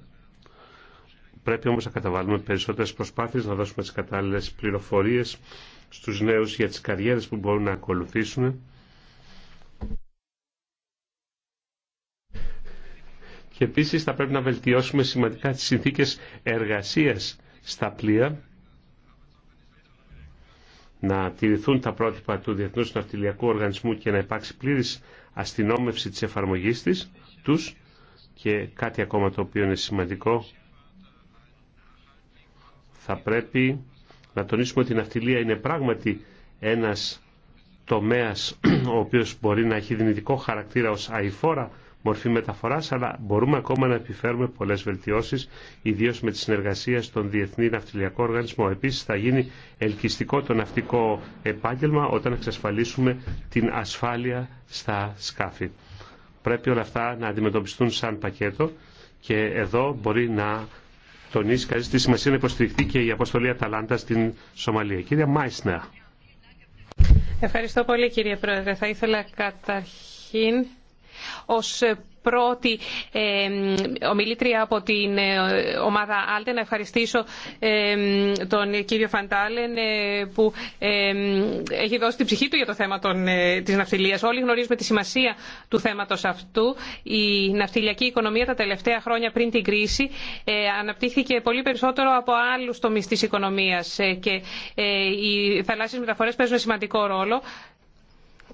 Πρέπει όμως να καταβάλουμε περισσότερες προσπάθειες, να δώσουμε τις κατάλληλες πληροφορίες στους νέους για τις καριέρες που μπορούν να ακολουθήσουν. Και επίσης θα πρέπει να βελτιώσουμε σημαντικά τις συνθήκες εργασίας στα πλοία να τηρηθούν τα πρότυπα του Διεθνούς Ναυτιλιακού Οργανισμού και να υπάρξει πλήρης αστυνόμευση της εφαρμογής της, τους και κάτι ακόμα το οποίο είναι σημαντικό θα πρέπει να τονίσουμε ότι η ναυτιλία είναι πράγματι ένας τομέας [CLEARS THROAT] ο οποίος μπορεί να έχει δυνητικό χαρακτήρα ως αηφόρα μορφή μεταφοράς, αλλά μπορούμε ακόμα να επιφέρουμε πολλές βελτιώσεις, ιδίως με τη συνεργασία στον Διεθνή Ναυτιλιακό Οργανισμό. Επίσης θα γίνει ελκυστικό το ναυτικό επάγγελμα όταν εξασφαλίσουμε την ασφάλεια στα σκάφη. Πρέπει όλα αυτά να αντιμετωπιστούν σαν πακέτο και εδώ μπορεί να τονίσει κανεί τη σημασία να υποστηριχθεί και η αποστολή Αταλάντα στην Σομαλία. Κύριε Μάισνερ. Ευχαριστώ πολύ κύριε Πρόεδρε. Θα ήθελα καταρχήν ως πρώτη ομιλήτρια από την ε, ομάδα Άλτε να ευχαριστήσω τον κύριο Φαντάλεν ε, που έχει δώσει την ψυχή του για το θέμα των, ε, της ναυτιλίας. Όλοι γνωρίζουμε τη σημασία του θέματος αυτού. Η ναυτιλιακή οικονομία τα τελευταία χρόνια πριν την κρίση αναπτύχθηκε πολύ περισσότερο από άλλους τομείς της οικονομίας και οι θαλάσσιες μεταφορές παίζουν σημαντικό ρόλο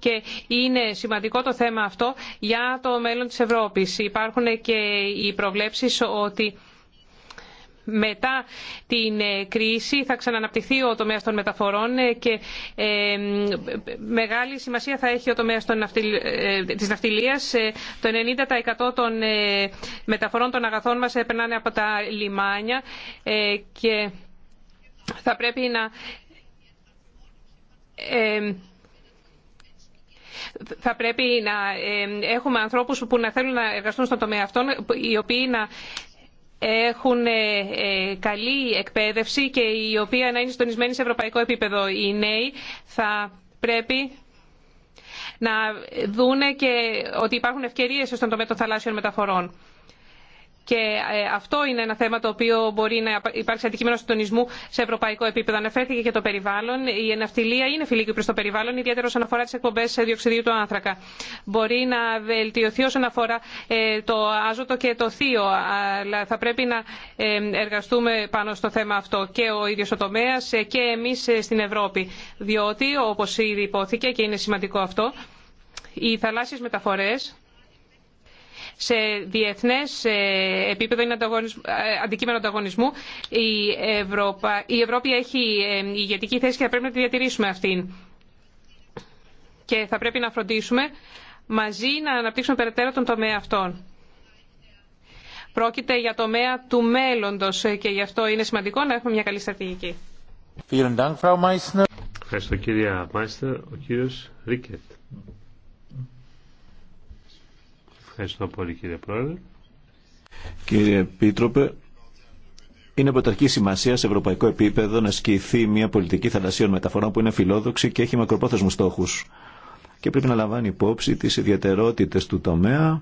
και είναι σημαντικό το θέμα αυτό για το μέλλον της Ευρώπης. Υπάρχουν και οι προβλέψεις ότι μετά την ε, κρίση θα ξαναναπτυχθεί ο τομέας των μεταφορών ε, και ε, μεγάλη σημασία θα έχει ο τομέας της ναυτιλίας. Το 90% των μεταφορών των αγαθών μας περνάνε από τα λιμάνια και θα πρέπει να θα πρέπει να έχουμε ανθρώπους που να θέλουν να εργαστούν στον τομέα αυτών, οι οποίοι να έχουν ε, ε, καλή εκπαίδευση και η οποία να είναι συντονισμένη σε ευρωπαϊκό επίπεδο. Οι νέοι θα πρέπει να δούνε και ότι υπάρχουν ευκαιρίες στον τομέα των θαλάσσιων μεταφορών. Και ε, αυτό είναι ένα θέμα το οποίο μπορεί να υπάρξει αντικείμενο συντονισμού σε ευρωπαϊκό επίπεδο. Αναφέρθηκε και το περιβάλλον. Η εναυτιλία είναι φιλική προ το περιβάλλον, ιδιαίτερα όσον αφορά τι εκπομπέ ε, διοξιδίου του άνθρακα. Μπορεί να βελτιωθεί όσον αφορά ε, το άζωτο και το θείο, αλλά θα πρέπει να εργαστούμε πάνω στο θέμα αυτό και ο ίδιο ο τομέα και εμεί στην Ευρώπη. Διότι, όπω ήδη υπόθηκε και είναι σημαντικό αυτό, οι θαλάσσιε μεταφορέ σε διεθνές επίπεδο είναι ε, αντικείμενο ανταγωνισμού. Η, η Ευρώπη έχει η ε, ηγετική θέση και θα πρέπει να τη διατηρήσουμε αυτήν. Και θα πρέπει να φροντίσουμε μαζί να αναπτύξουμε περαιτέρω τον τομέα αυτών. Πρόκειται για τομέα του μέλλοντος και γι' αυτό είναι σημαντικό να έχουμε μια καλή στρατηγική. Ευχαριστώ κύριε Μάιστερ. Ο κύριος Ρίκετ. Ευχαριστώ πολύ κύριε Πρόεδρε. Κύριε Επίτροπε, είναι πρωταρχή σημασία σε ευρωπαϊκό επίπεδο να σκηθεί μια πολιτική θαλασσίων μεταφορών που είναι φιλόδοξη και έχει μακροπρόθεσμου στόχου. Και πρέπει να λαμβάνει υπόψη τι ιδιαιτερότητε του τομέα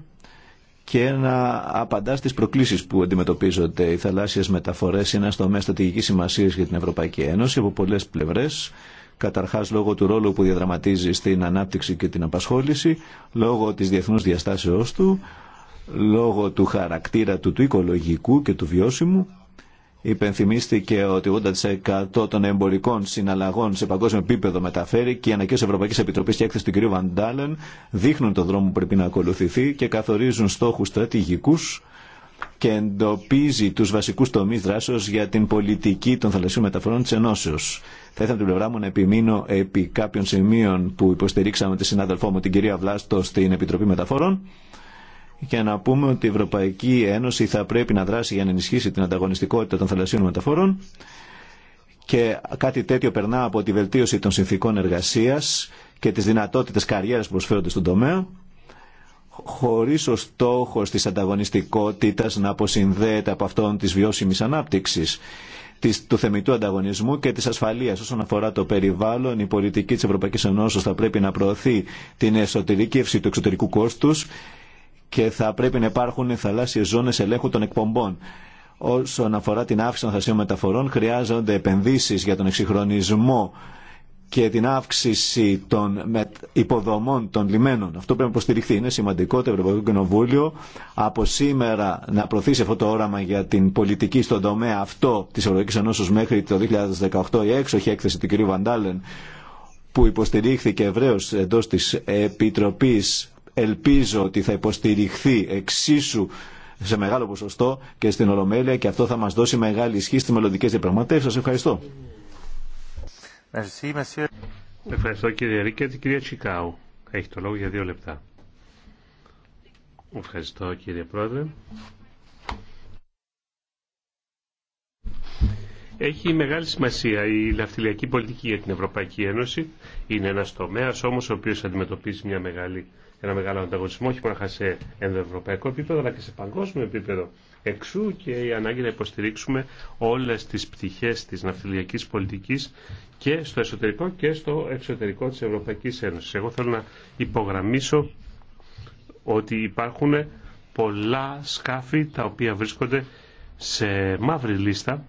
και να απαντά στι προκλήσει που αντιμετωπίζονται. Οι θαλάσσιε μεταφορέ είναι ένα τομέα στρατηγική σημασία για την Ευρωπαϊκή Ένωση από πολλέ πλευρέ καταρχάς λόγω του ρόλου που διαδραματίζει στην ανάπτυξη και την απασχόληση, λόγω της διεθνούς διαστάσεώς του, λόγω του χαρακτήρα του του οικολογικού και του βιώσιμου. Υπενθυμίστηκε ότι 80% των εμπορικών συναλλαγών σε παγκόσμιο επίπεδο μεταφέρει και οι ανακοίνωση Ευρωπαϊκή Επιτροπή και έκθεση του κ. Βαντάλεν δείχνουν τον δρόμο που πρέπει να ακολουθηθεί και καθορίζουν στόχου στρατηγικού και εντοπίζει τους βασικούς τομείς δράσεως για την πολιτική των θαλασσίων μεταφορών της Ενώσεως. Θα ήθελα από την πλευρά μου να επιμείνω επί κάποιων σημείων που υποστηρίξαμε τη συνάδελφό μου την κυρία Βλάστο στην Επιτροπή Μεταφορών για να πούμε ότι η Ευρωπαϊκή Ένωση θα πρέπει να δράσει για να ενισχύσει την ανταγωνιστικότητα των θαλασσίων μεταφορών και κάτι τέτοιο περνά από τη βελτίωση των συνθήκων εργασίας και τις δυνατότητες καριέρας που προσφέρονται στον τομέα χωρίς ο στόχο της ανταγωνιστικότητας να αποσυνδέεται από αυτόν της βιώσιμης ανάπτυξης του θεμητού ανταγωνισμού και της ασφαλείας. Όσον αφορά το περιβάλλον, η πολιτική της Ευρωπαϊκής Ένωσης θα πρέπει να προωθεί την εσωτερική του εξωτερικού κόστους και θα πρέπει να υπάρχουν θαλάσσιες ζώνες ελέγχου των εκπομπών. Όσον αφορά την αύξηση των θασίων μεταφορών, χρειάζονται επενδύσεις για τον εξυγχρονισμό και την αύξηση των υποδομών των λιμένων. Αυτό πρέπει να υποστηριχθεί. Είναι σημαντικό το Ευρωπαϊκό Κοινοβούλιο από σήμερα να προωθήσει αυτό το όραμα για την πολιτική στον τομέα αυτό τη Ευρωπαϊκή Ενώσεω μέχρι το 2018 η έξοχη έκθεση του κ. Βαντάλεν που υποστηρίχθηκε ευρέω εντό τη επιτροπή. ελπίζω ότι θα υποστηριχθεί εξίσου σε μεγάλο ποσοστό και στην Ολομέλεια και αυτό θα μας δώσει μεγάλη ισχύ στις μελλοντικές διαπραγματεύσεις. Σας ευχαριστώ. Ευχαριστώ κύριε Ρίκετ. Την κυρία Τσικάου έχει το λόγο για δύο λεπτά. Ευχαριστώ κύριε Πρόεδρε. Έχει μεγάλη σημασία η λαυτιλιακή πολιτική για την Ευρωπαϊκή Ένωση. Είναι ένα τομέα όμω ο οποίο αντιμετωπίζει μια μεγάλη, ένα μεγάλο ανταγωνισμό όχι μόνο σε ενδοευρωπαϊκό επίπεδο αλλά και σε παγκόσμιο επίπεδο. Εξού και η ανάγκη να υποστηρίξουμε όλες τις πτυχές της ναυτιλιακής πολιτικής και στο εσωτερικό και στο εξωτερικό της Ευρωπαϊκής Ένωσης. Εγώ θέλω να υπογραμμίσω ότι υπάρχουν πολλά σκάφη τα οποία βρίσκονται σε μαύρη λίστα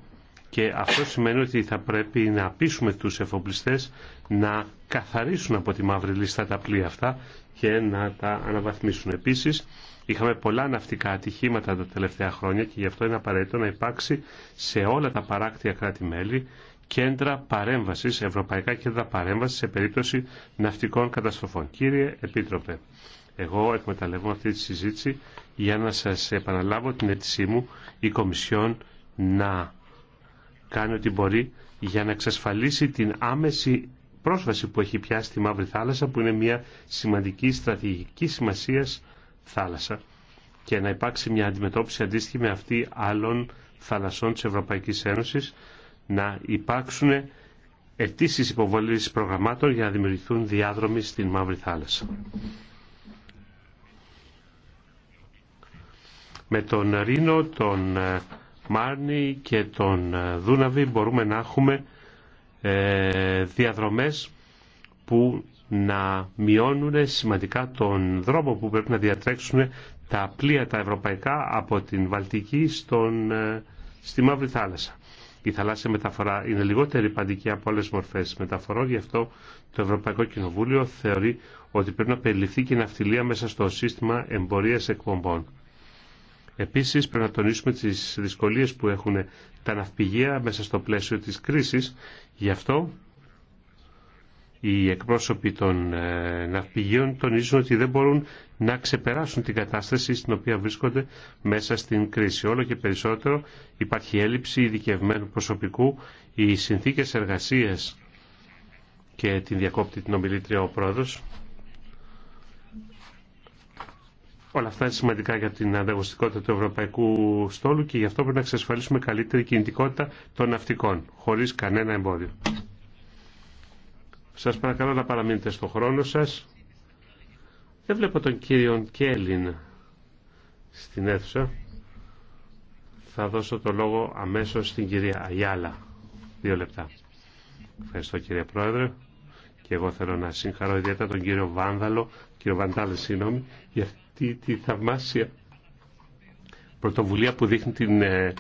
και αυτό σημαίνει ότι θα πρέπει να πείσουμε τους εφοπλιστές να καθαρίσουν από τη μαύρη λίστα τα πλοία αυτά και να τα αναβαθμίσουν. Επίσης, Είχαμε πολλά ναυτικά ατυχήματα τα τελευταία χρόνια και γι' αυτό είναι απαραίτητο να υπάρξει σε όλα τα παράκτια κράτη-μέλη κέντρα παρέμβασης, ευρωπαϊκά κέντρα παρέμβαση σε περίπτωση ναυτικών καταστροφών. Κύριε Επίτροπε, εγώ εκμεταλλεύω αυτή τη συζήτηση για να σας επαναλάβω την αίτησή μου η Κομισιόν να κάνει ό,τι μπορεί για να εξασφαλίσει την άμεση πρόσβαση που έχει πιάσει στη Μαύρη Θάλασσα που είναι μια σημαντική στρατηγική σημασία θάλασσα και να υπάρξει μια αντιμετώπιση αντίστοιχη με αυτή άλλων θαλασσών της Ευρωπαϊκής Ένωσης, να υπάρξουν αιτήσει υποβολής προγραμμάτων για να δημιουργηθούν διάδρομοι στην Μαύρη Θάλασσα. Με τον Ρήνο, τον ε, Μάρνη και τον ε, Δούναβη μπορούμε να έχουμε ε, διαδρομές που να μειώνουν σημαντικά τον δρόμο που πρέπει να διατρέξουν τα πλοία τα ευρωπαϊκά από την Βαλτική στον, ε, στη Μαύρη Θάλασσα. Η θαλάσσια μεταφορά είναι λιγότερη παντική από όλε μορφέ μεταφορών, γι' αυτό το Ευρωπαϊκό Κοινοβούλιο θεωρεί ότι πρέπει να περιληφθεί και η ναυτιλία μέσα στο σύστημα εμπορία εκπομπών. Επίση, πρέπει να τονίσουμε τι δυσκολίε που έχουν τα ναυπηγεία μέσα στο πλαίσιο τη κρίση, γι' αυτό οι εκπρόσωποι των ε, ναυπηγείων τονίζουν ότι δεν μπορούν να ξεπεράσουν την κατάσταση στην οποία βρίσκονται μέσα στην κρίση. Όλο και περισσότερο υπάρχει έλλειψη ειδικευμένου προσωπικού, οι συνθήκες εργασίας και την διακόπτη την ομιλήτρια ο πρόεδρος. Όλα αυτά είναι σημαντικά για την ανταγωνιστικότητα του ευρωπαϊκού στόλου και γι' αυτό πρέπει να εξασφαλίσουμε καλύτερη κινητικότητα των ναυτικών, χωρίς κανένα εμπόδιο. Σας παρακαλώ να παραμείνετε στο χρόνο σας. Δεν βλέπω τον κύριο Κέλλιν στην αίθουσα. Θα δώσω το λόγο αμέσως στην κυρία Αγιάλα. Δύο λεπτά. Ευχαριστώ κύριε Πρόεδρε. Και εγώ θέλω να συγχαρώ ιδιαίτερα τον κύριο Βάνδαλο, κύριο Βαντάλε συγγνώμη, για αυτή τη θαυμάσια πρωτοβουλία που δείχνει την ε,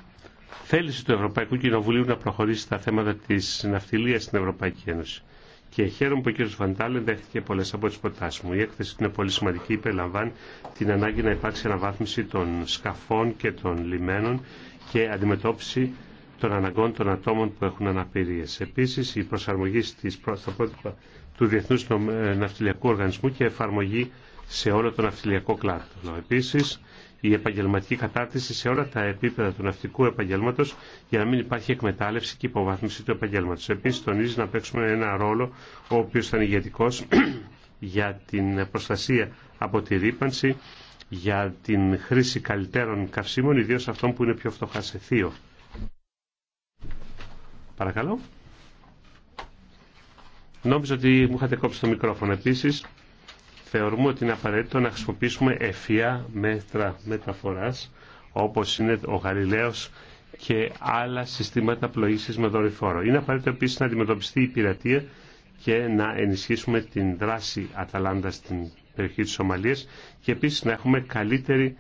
θέληση του Ευρωπαϊκού Κοινοβουλίου να προχωρήσει στα θέματα της ναυτιλίας στην Ευρωπαϊκή Ένωση και χαίρομαι που ο κ. Βαντάλεν δέχτηκε πολλέ από τι προτάσει μου. Η έκθεση είναι πολύ σημαντική, υπερλαμβάνει την ανάγκη να υπάρξει αναβάθμιση των σκαφών και των λιμένων και αντιμετώπιση των αναγκών των ατόμων που έχουν αναπηρίε. Επίση, η προσαρμογή στα πρότυπα του Διεθνού ε, Ναυτιλιακού Οργανισμού και εφαρμογή σε όλο τον ναυτιλιακό κλάδο. Επίση, η επαγγελματική κατάρτιση σε όλα τα επίπεδα του ναυτικού επαγγέλματο για να μην υπάρχει εκμετάλλευση και υποβάθμιση του επαγγέλματο. Επίση, τονίζει να παίξουμε ένα ρόλο ο οποίο είναι ηγετικό [CLEARS THROAT] για την προστασία από τη ρήπανση, για την χρήση καλύτερων καυσίμων, ιδίω αυτών που είναι πιο φτωχά σε θείο. Παρακαλώ. Νόμιζα ότι μου είχατε κόψει το μικρόφωνο επίσης θεωρούμε ότι είναι απαραίτητο να χρησιμοποιήσουμε ευφυά μέτρα μεταφοράς όπως είναι ο Γαλιλαίος και άλλα συστήματα πλοήσεις με δορυφόρο. Είναι απαραίτητο επίσης να αντιμετωπιστεί η πειρατεία και να ενισχύσουμε την δράση Αταλάντα στην περιοχή της Σομαλίας και επίσης να έχουμε καλύτερη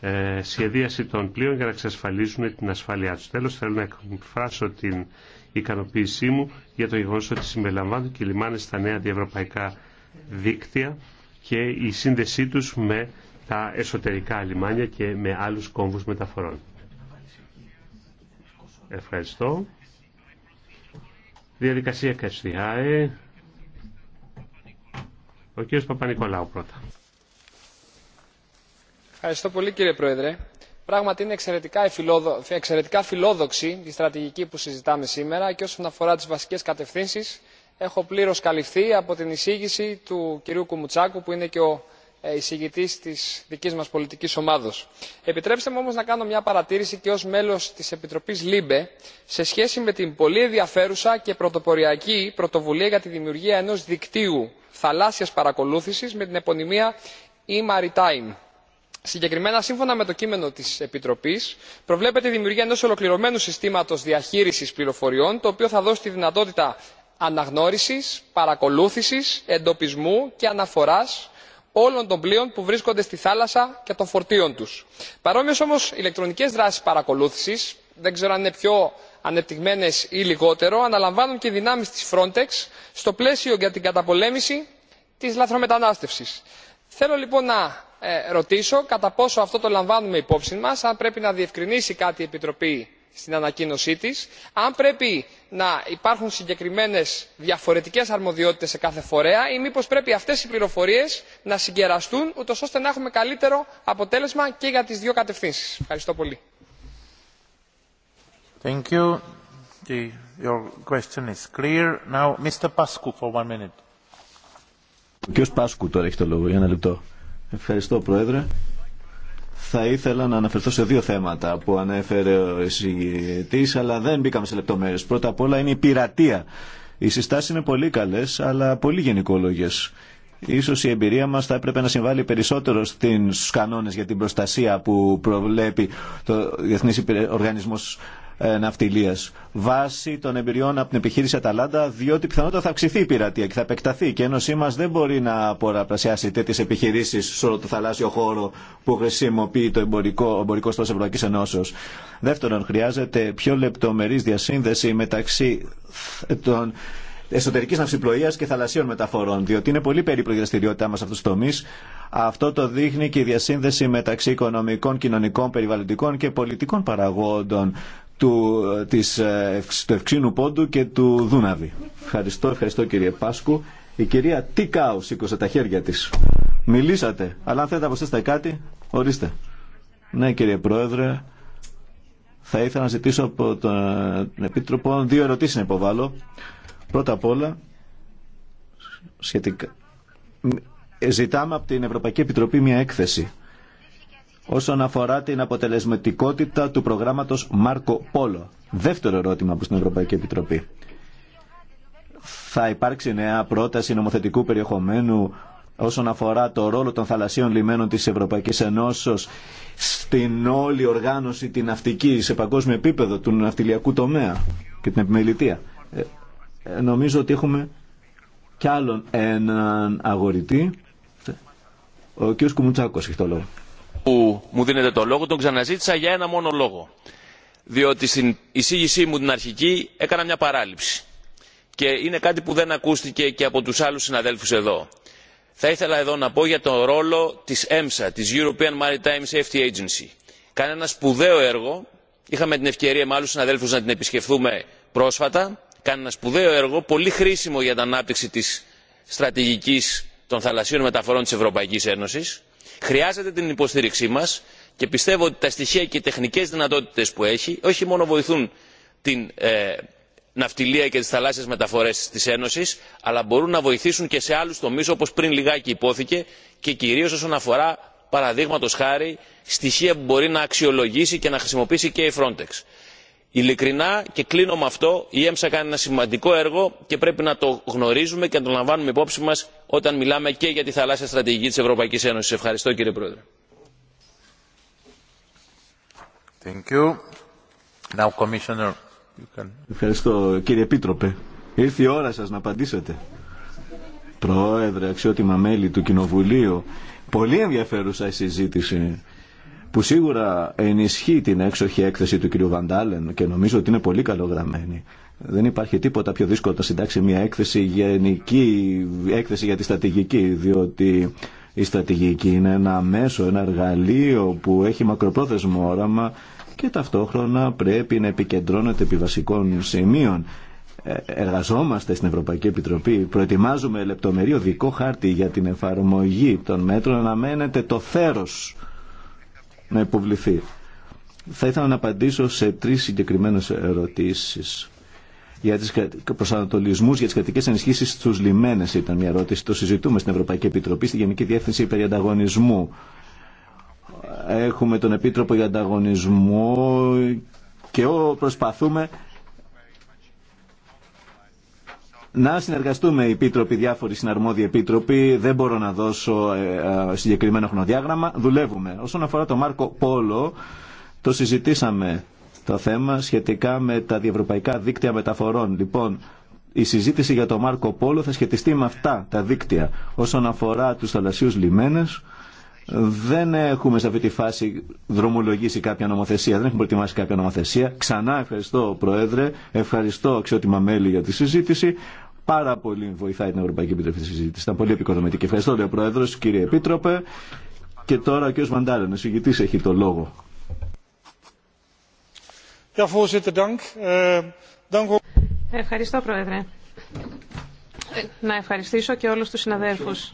ε, σχεδίαση των πλοίων για να εξασφαλίζουν την ασφαλειά τους. Τέλος, θέλω να εκφράσω την ικανοποίησή μου για το γεγονός ότι συμπεριλαμβάνουν και λιμάνες στα νέα διευρωπαϊκά δίκτυα και η σύνδεσή τους με τα εσωτερικά λιμάνια και με άλλους κόμβους μεταφορών. Ευχαριστώ. Διαδικασία Καστιάε. Ο κύριος Παπα-Νικολάου πρώτα. Ευχαριστώ πολύ κύριε Πρόεδρε. Πράγματι είναι εξαιρετικά, εξαιρετικά φιλόδοξη η στρατηγική που συζητάμε σήμερα και όσον αφορά τις βασικές κατευθύνσεις έχω πλήρως καλυφθεί από την εισήγηση του κυρίου κουμουτσάκου που είναι και ο ε, εισηγητής της δικής μας πολιτικής ομάδος. επιτρέψτε μου όμως να κάνω μια παρατήρηση και ως μέλος της επιτροπής ΛΥΜΠΕ σε σχέση με την πολύ ενδιαφέρουσα και πρωτοποριακή πρωτοβουλία για τη δημιουργία ενός δικτύου θαλάσσιας παρακολούθησης με την επωνυμία e maritime. συγκεκριμένα σύμφωνα με το κείμενο τη επιτροπής προβλέπεται η δημιουργία ενό ολοκληρωμένου συστήματο διαχείριση πληροφοριών το οποίο θα δώσει τη δυνατότητα αναγνώρισης παρακολούθησης εντοπισμού και αναφοράς όλων των πλοίων που βρίσκονται στη θάλασσα και των φορτίων τους. παρόμοιες όμως ηλεκτρονικές δράσεις παρακολούθησης δεν ξέρω αν είναι πιο ανεπτυγμένες ή λιγότερο αναλαμβάνουν και οι δυνάμεις της frontex στο πλαίσιο για την καταπολέμηση της λαθρομετανάστευσης. θέλω λοιπόν να ε, ρωτήσω κατά πόσο αυτό το λαμβάνουμε υπόψη μας αν πρέπει να διευκρινίσει κάτι η επιτροπή στην ανακοίνωσή της αν πρέπει να υπάρχουν συγκεκριμένες διαφορετικές αρμοδιότητες σε κάθε φορέα ή μήπως πρέπει αυτές οι πληροφορίες να συγκεραστούν ούτως ώστε να έχουμε καλύτερο αποτέλεσμα και για τις δύο κατευθύνσεις. Ευχαριστώ πολύ. τώρα το λόγο για ένα λεπτό. Ευχαριστώ, Πρόεδρε θα ήθελα να αναφερθώ σε δύο θέματα που ανέφερε ο εισηγητής, αλλά δεν μπήκαμε σε λεπτομέρειες. Πρώτα απ' όλα είναι η πειρατεία. Οι συστάσεις είναι πολύ καλές, αλλά πολύ γενικόλογες. Ίσως η εμπειρία μας θα έπρεπε να συμβάλλει περισσότερο στους κανόνες για την προστασία που προβλέπει το Διεθνής Οργανισμός ε, ναυτιλία βάσει των εμπειριών από την επιχείρηση Αταλάντα, διότι πιθανότατα θα αυξηθεί η πειρατεία και θα επεκταθεί. Και η Ένωσή μα δεν μπορεί να αποραπλασιάσει τέτοιε επιχειρήσει σε όλο το θαλάσσιο χώρο που χρησιμοποιεί το εμπορικό, εμπορικό Ευρωπαϊκή Ενώσεω. Δεύτερον, χρειάζεται πιο λεπτομερή διασύνδεση μεταξύ των εσωτερική ναυσιπλοεία και θαλασσίων μεταφορών, διότι είναι πολύ περίπλοκη η δραστηριότητά μα αυτού του τομεί. Αυτό το δείχνει και η διασύνδεση μεταξύ οικονομικών, κοινωνικών, περιβαλλοντικών και πολιτικών παραγόντων του, της, ε, του Ευξήνου Πόντου και του Δούναβη. Ευχαριστώ, ευχαριστώ κύριε Πάσκου. Η κυρία Τικάου σήκωσε τα χέρια της. Μιλήσατε, αλλά αν θέλετε προσθέσετε κάτι, ορίστε. Ναι κύριε Πρόεδρε, θα ήθελα να ζητήσω από τον ε, Επίτροπο δύο ερωτήσεις να υποβάλω. Πρώτα απ' όλα, σχετικά, ζητάμε από την Ευρωπαϊκή Επιτροπή μια έκθεση όσον αφορά την αποτελεσματικότητα του προγράμματος Μάρκο Πόλο. Δεύτερο ερώτημα από την Ευρωπαϊκή Επιτροπή. Θα υπάρξει νέα πρόταση νομοθετικού περιεχομένου όσον αφορά το ρόλο των θαλασσίων λιμένων της Ευρωπαϊκής Ενώσεως στην όλη οργάνωση την ναυτική σε παγκόσμιο επίπεδο του ναυτιλιακού τομέα και την επιμελητία. Ε, νομίζω ότι έχουμε κι άλλον έναν αγορητή. Ο κ. Κουμουτσάκος έχει το λόγο που μου δίνετε το λόγο τον ξαναζήτησα για ένα μόνο λόγο διότι στην εισήγησή μου την αρχική έκανα μια παράληψη και είναι κάτι που δεν ακούστηκε και από τους άλλους συναδέλφους εδώ. Θα ήθελα εδώ να πω για τον ρόλο της EMSA, της European Maritime Safety Agency. Κάνει ένα σπουδαίο έργο, είχαμε την ευκαιρία με άλλους συναδέλφους να την επισκεφθούμε πρόσφατα, κάνει ένα σπουδαίο έργο, πολύ χρήσιμο για την ανάπτυξη της στρατηγικής των θαλασσίων μεταφορών της Ευρωπαϊκής Ένωσης χρειάζεται την υποστήριξή μας και πιστεύω ότι τα στοιχεία και οι τεχνικές δυνατότητες που έχει όχι μόνο βοηθούν την ε, ναυτιλία και τις θαλάσσιες μεταφορές της Ένωση, αλλά μπορούν να βοηθήσουν και σε άλλους τομείς όπως πριν λιγάκι υπόθηκε και κυρίω όσον αφορά παραδείγματο χάρη στοιχεία που μπορεί να αξιολογήσει και να χρησιμοποιήσει και η frontex ειλικρινά και κλείνω με αυτό η εμσα κάνει ένα σημαντικό έργο και πρέπει να το γνωρίζουμε και να το λαμβάνουμε υπόψη μας όταν μιλάμε και για τη θαλάσσια στρατηγική της ευρωπαϊκής ένωσης. ευχαριστώ κύριε πρόεδρε. Thank you. Now, Commissioner, Ευχαριστώ κύριε Επίτροπε. Ήρθε η ώρα σας να απαντήσετε. Πρόεδρε, αξιότιμα μέλη του Κοινοβουλίου, πολύ ενδιαφέρουσα η συζήτηση που σίγουρα ενισχύει την έξοχη έκθεση του κ. Βαντάλεν και νομίζω ότι είναι πολύ καλογραμμένη. Δεν υπάρχει τίποτα πιο δύσκολο να συντάξει μια έκθεση γενική, έκθεση για τη στρατηγική, διότι η στρατηγική είναι ένα μέσο, ένα εργαλείο που έχει μακροπρόθεσμο όραμα και ταυτόχρονα πρέπει να επικεντρώνεται επί βασικών σημείων. Ε, εργαζόμαστε στην Ευρωπαϊκή Επιτροπή, προετοιμάζουμε λεπτομερή οδικό χάρτη για την εφαρμογή των μέτρων, αναμένεται το θέρος να υποβληθεί. Θα ήθελα να απαντήσω σε τρεις συγκεκριμένες ερωτήσεις. Για τις προσανατολισμούς, για τις κρατικές ενισχύσεις στους λιμένες ήταν μια ερώτηση. Το συζητούμε στην Ευρωπαϊκή Επιτροπή, στη Γενική Διεύθυνση περί ανταγωνισμού. Έχουμε τον Επίτροπο για Ανταγωνισμό και ό, προσπαθούμε να συνεργαστούμε οι επίτροποι, διάφοροι συναρμόδιοι επίτροποι. Δεν μπορώ να δώσω ε, ε, συγκεκριμένο χρονοδιάγραμμα. Δουλεύουμε. Όσον αφορά το Μάρκο Πόλο, το συζητήσαμε το θέμα σχετικά με τα διευρωπαϊκά δίκτυα μεταφορών. Λοιπόν, η συζήτηση για το Μάρκο Πόλο θα σχετιστεί με αυτά τα δίκτυα. Όσον αφορά τους θαλασσίους λιμένες, δεν έχουμε σε αυτή τη φάση δρομολογήσει κάποια νομοθεσία, δεν έχουμε προετοιμάσει κάποια νομοθεσία. Ξανά ευχαριστώ, Πρόεδρε, ευχαριστώ αξιότιμα μέλη για τη συζήτηση. Πάρα πολύ βοηθάει την Ευρωπαϊκή Επιτροπή στη συζήτηση. Ήταν πολύ επικοδομητική. Ευχαριστώ, λέει ο Πρόεδρο, κύριε Επίτροπε. Και τώρα ο κ. Μαντάλεν, ο έχει το λόγο. Eh, ευχαριστώ, Πρόεδρε. Να ευχαριστήσω και όλους τους συναδέλφους.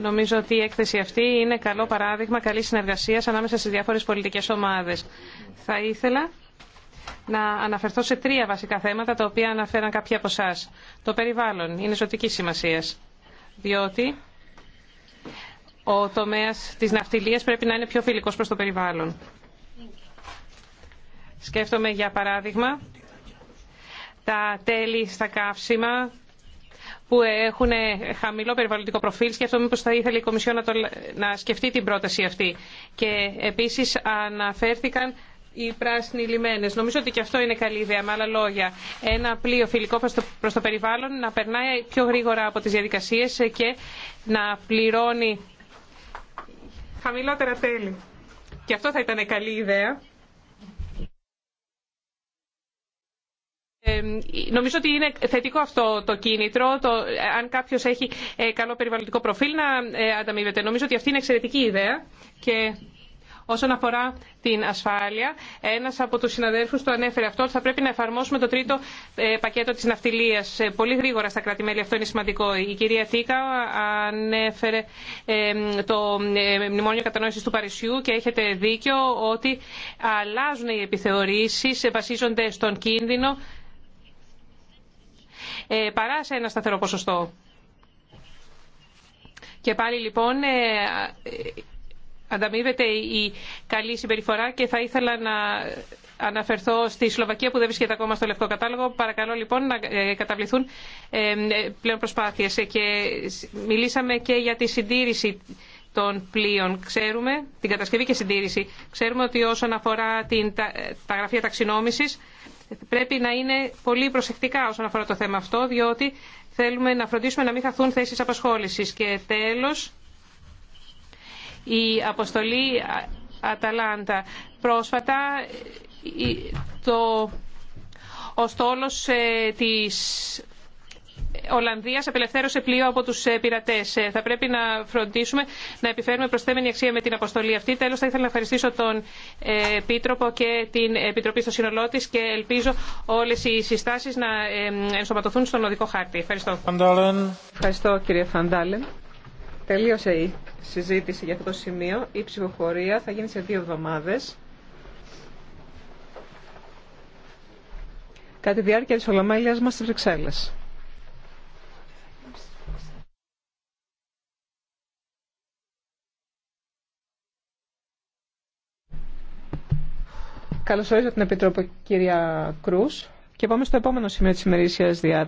Νομίζω ότι η έκθεση αυτή είναι καλό παράδειγμα καλή συνεργασίας ανάμεσα στι διάφορε πολιτικές ομάδες. Θα ήθελα να αναφερθώ σε τρία βασικά θέματα τα οποία αναφέραν κάποιοι από εσά. Το περιβάλλον είναι ζωτική σημασία. Διότι ο τομέα της ναυτιλίας πρέπει να είναι πιο φιλικός προς το περιβάλλον. Σκέφτομαι για παράδειγμα τα τέλη στα καύσιμα, που έχουν χαμηλό περιβαλλοντικό προφίλ. Σκέφτομαι μήπω θα ήθελε η Κομισιόν να, σκεφτεί την πρόταση αυτή. Και επίσης αναφέρθηκαν οι πράσινοι λιμένες. Νομίζω ότι και αυτό είναι καλή ιδέα. Με άλλα λόγια, ένα πλοίο φιλικό προς το, το περιβάλλον να περνάει πιο γρήγορα από τις διαδικασίες και να πληρώνει χαμηλότερα τέλη. Και αυτό θα ήταν καλή ιδέα. νομίζω ότι είναι θετικό αυτό το κίνητρο, το, ε, αν κάποιος έχει ε, καλό περιβαλλοντικό προφίλ να ε, ανταμείβεται. Νομίζω ότι αυτή είναι εξαιρετική ιδέα και Όσον αφορά την ασφάλεια, ένα από του συναδέλφου το ανέφερε αυτό ότι θα πρέπει να εφαρμόσουμε το τρίτο πακέτο τη ναυτιλία πολύ γρήγορα στα κράτη-μέλη. Αυτό είναι σημαντικό. Η κυρία Θήκα ανέφερε το μνημόνιο κατανόηση του Παρισιού και έχετε δίκιο ότι αλλάζουν οι επιθεωρήσει, βασίζονται στον κίνδυνο ε, παρά σε ένα σταθερό ποσοστό. Και πάλι λοιπόν ε, ε, ανταμείβεται η καλή συμπεριφορά και θα ήθελα να αναφερθώ στη Σλοβακία που δεν βρίσκεται ακόμα στο λευκό κατάλογο. Παρακαλώ λοιπόν να καταβληθούν πλέον προσπάθειες. Και μιλήσαμε και για τη συντήρηση των πλοίων. Ξέρουμε, την κατασκευή και συντήρηση. Ξέρουμε ότι όσον αφορά την, τα, τα γραφεία ταξινόμησης, πρέπει να είναι πολύ προσεκτικά όσον αφορά το θέμα αυτό, διότι θέλουμε να φροντίσουμε να μην χαθούν θέσεις απασχόλησης. Και τέλος, η αποστολή Αταλάντα. Πρόσφατα το, ο στόλος ε, της Ολλανδία απελευθέρωσε πλοίο από του ε, πειρατέ. Ε, θα πρέπει να φροντίσουμε να επιφέρουμε προσθέμενη αξία με την αποστολή αυτή. Τέλο θα ήθελα να ευχαριστήσω τον ε, Επίτροπο και την Επιτροπή στο σύνολό τη και ελπίζω όλε οι συστάσει να ενσωματωθούν στον οδικό χάρτη. Ευχαριστώ. Ευχαριστώ κύριε Φαντάλεν. Τελείωσε η συζήτηση για αυτό το σημείο. Η ψηφοφορία θα γίνει σε δύο εβδομάδε. Κατά τη διάρκεια τη ολομέλεια μα στι Βρυξέλλε. Καλωσορίζω την Επιτρόπη κυρία Κρούς και πάμε στο επόμενο σημείο της ημερήσιας διάταξης.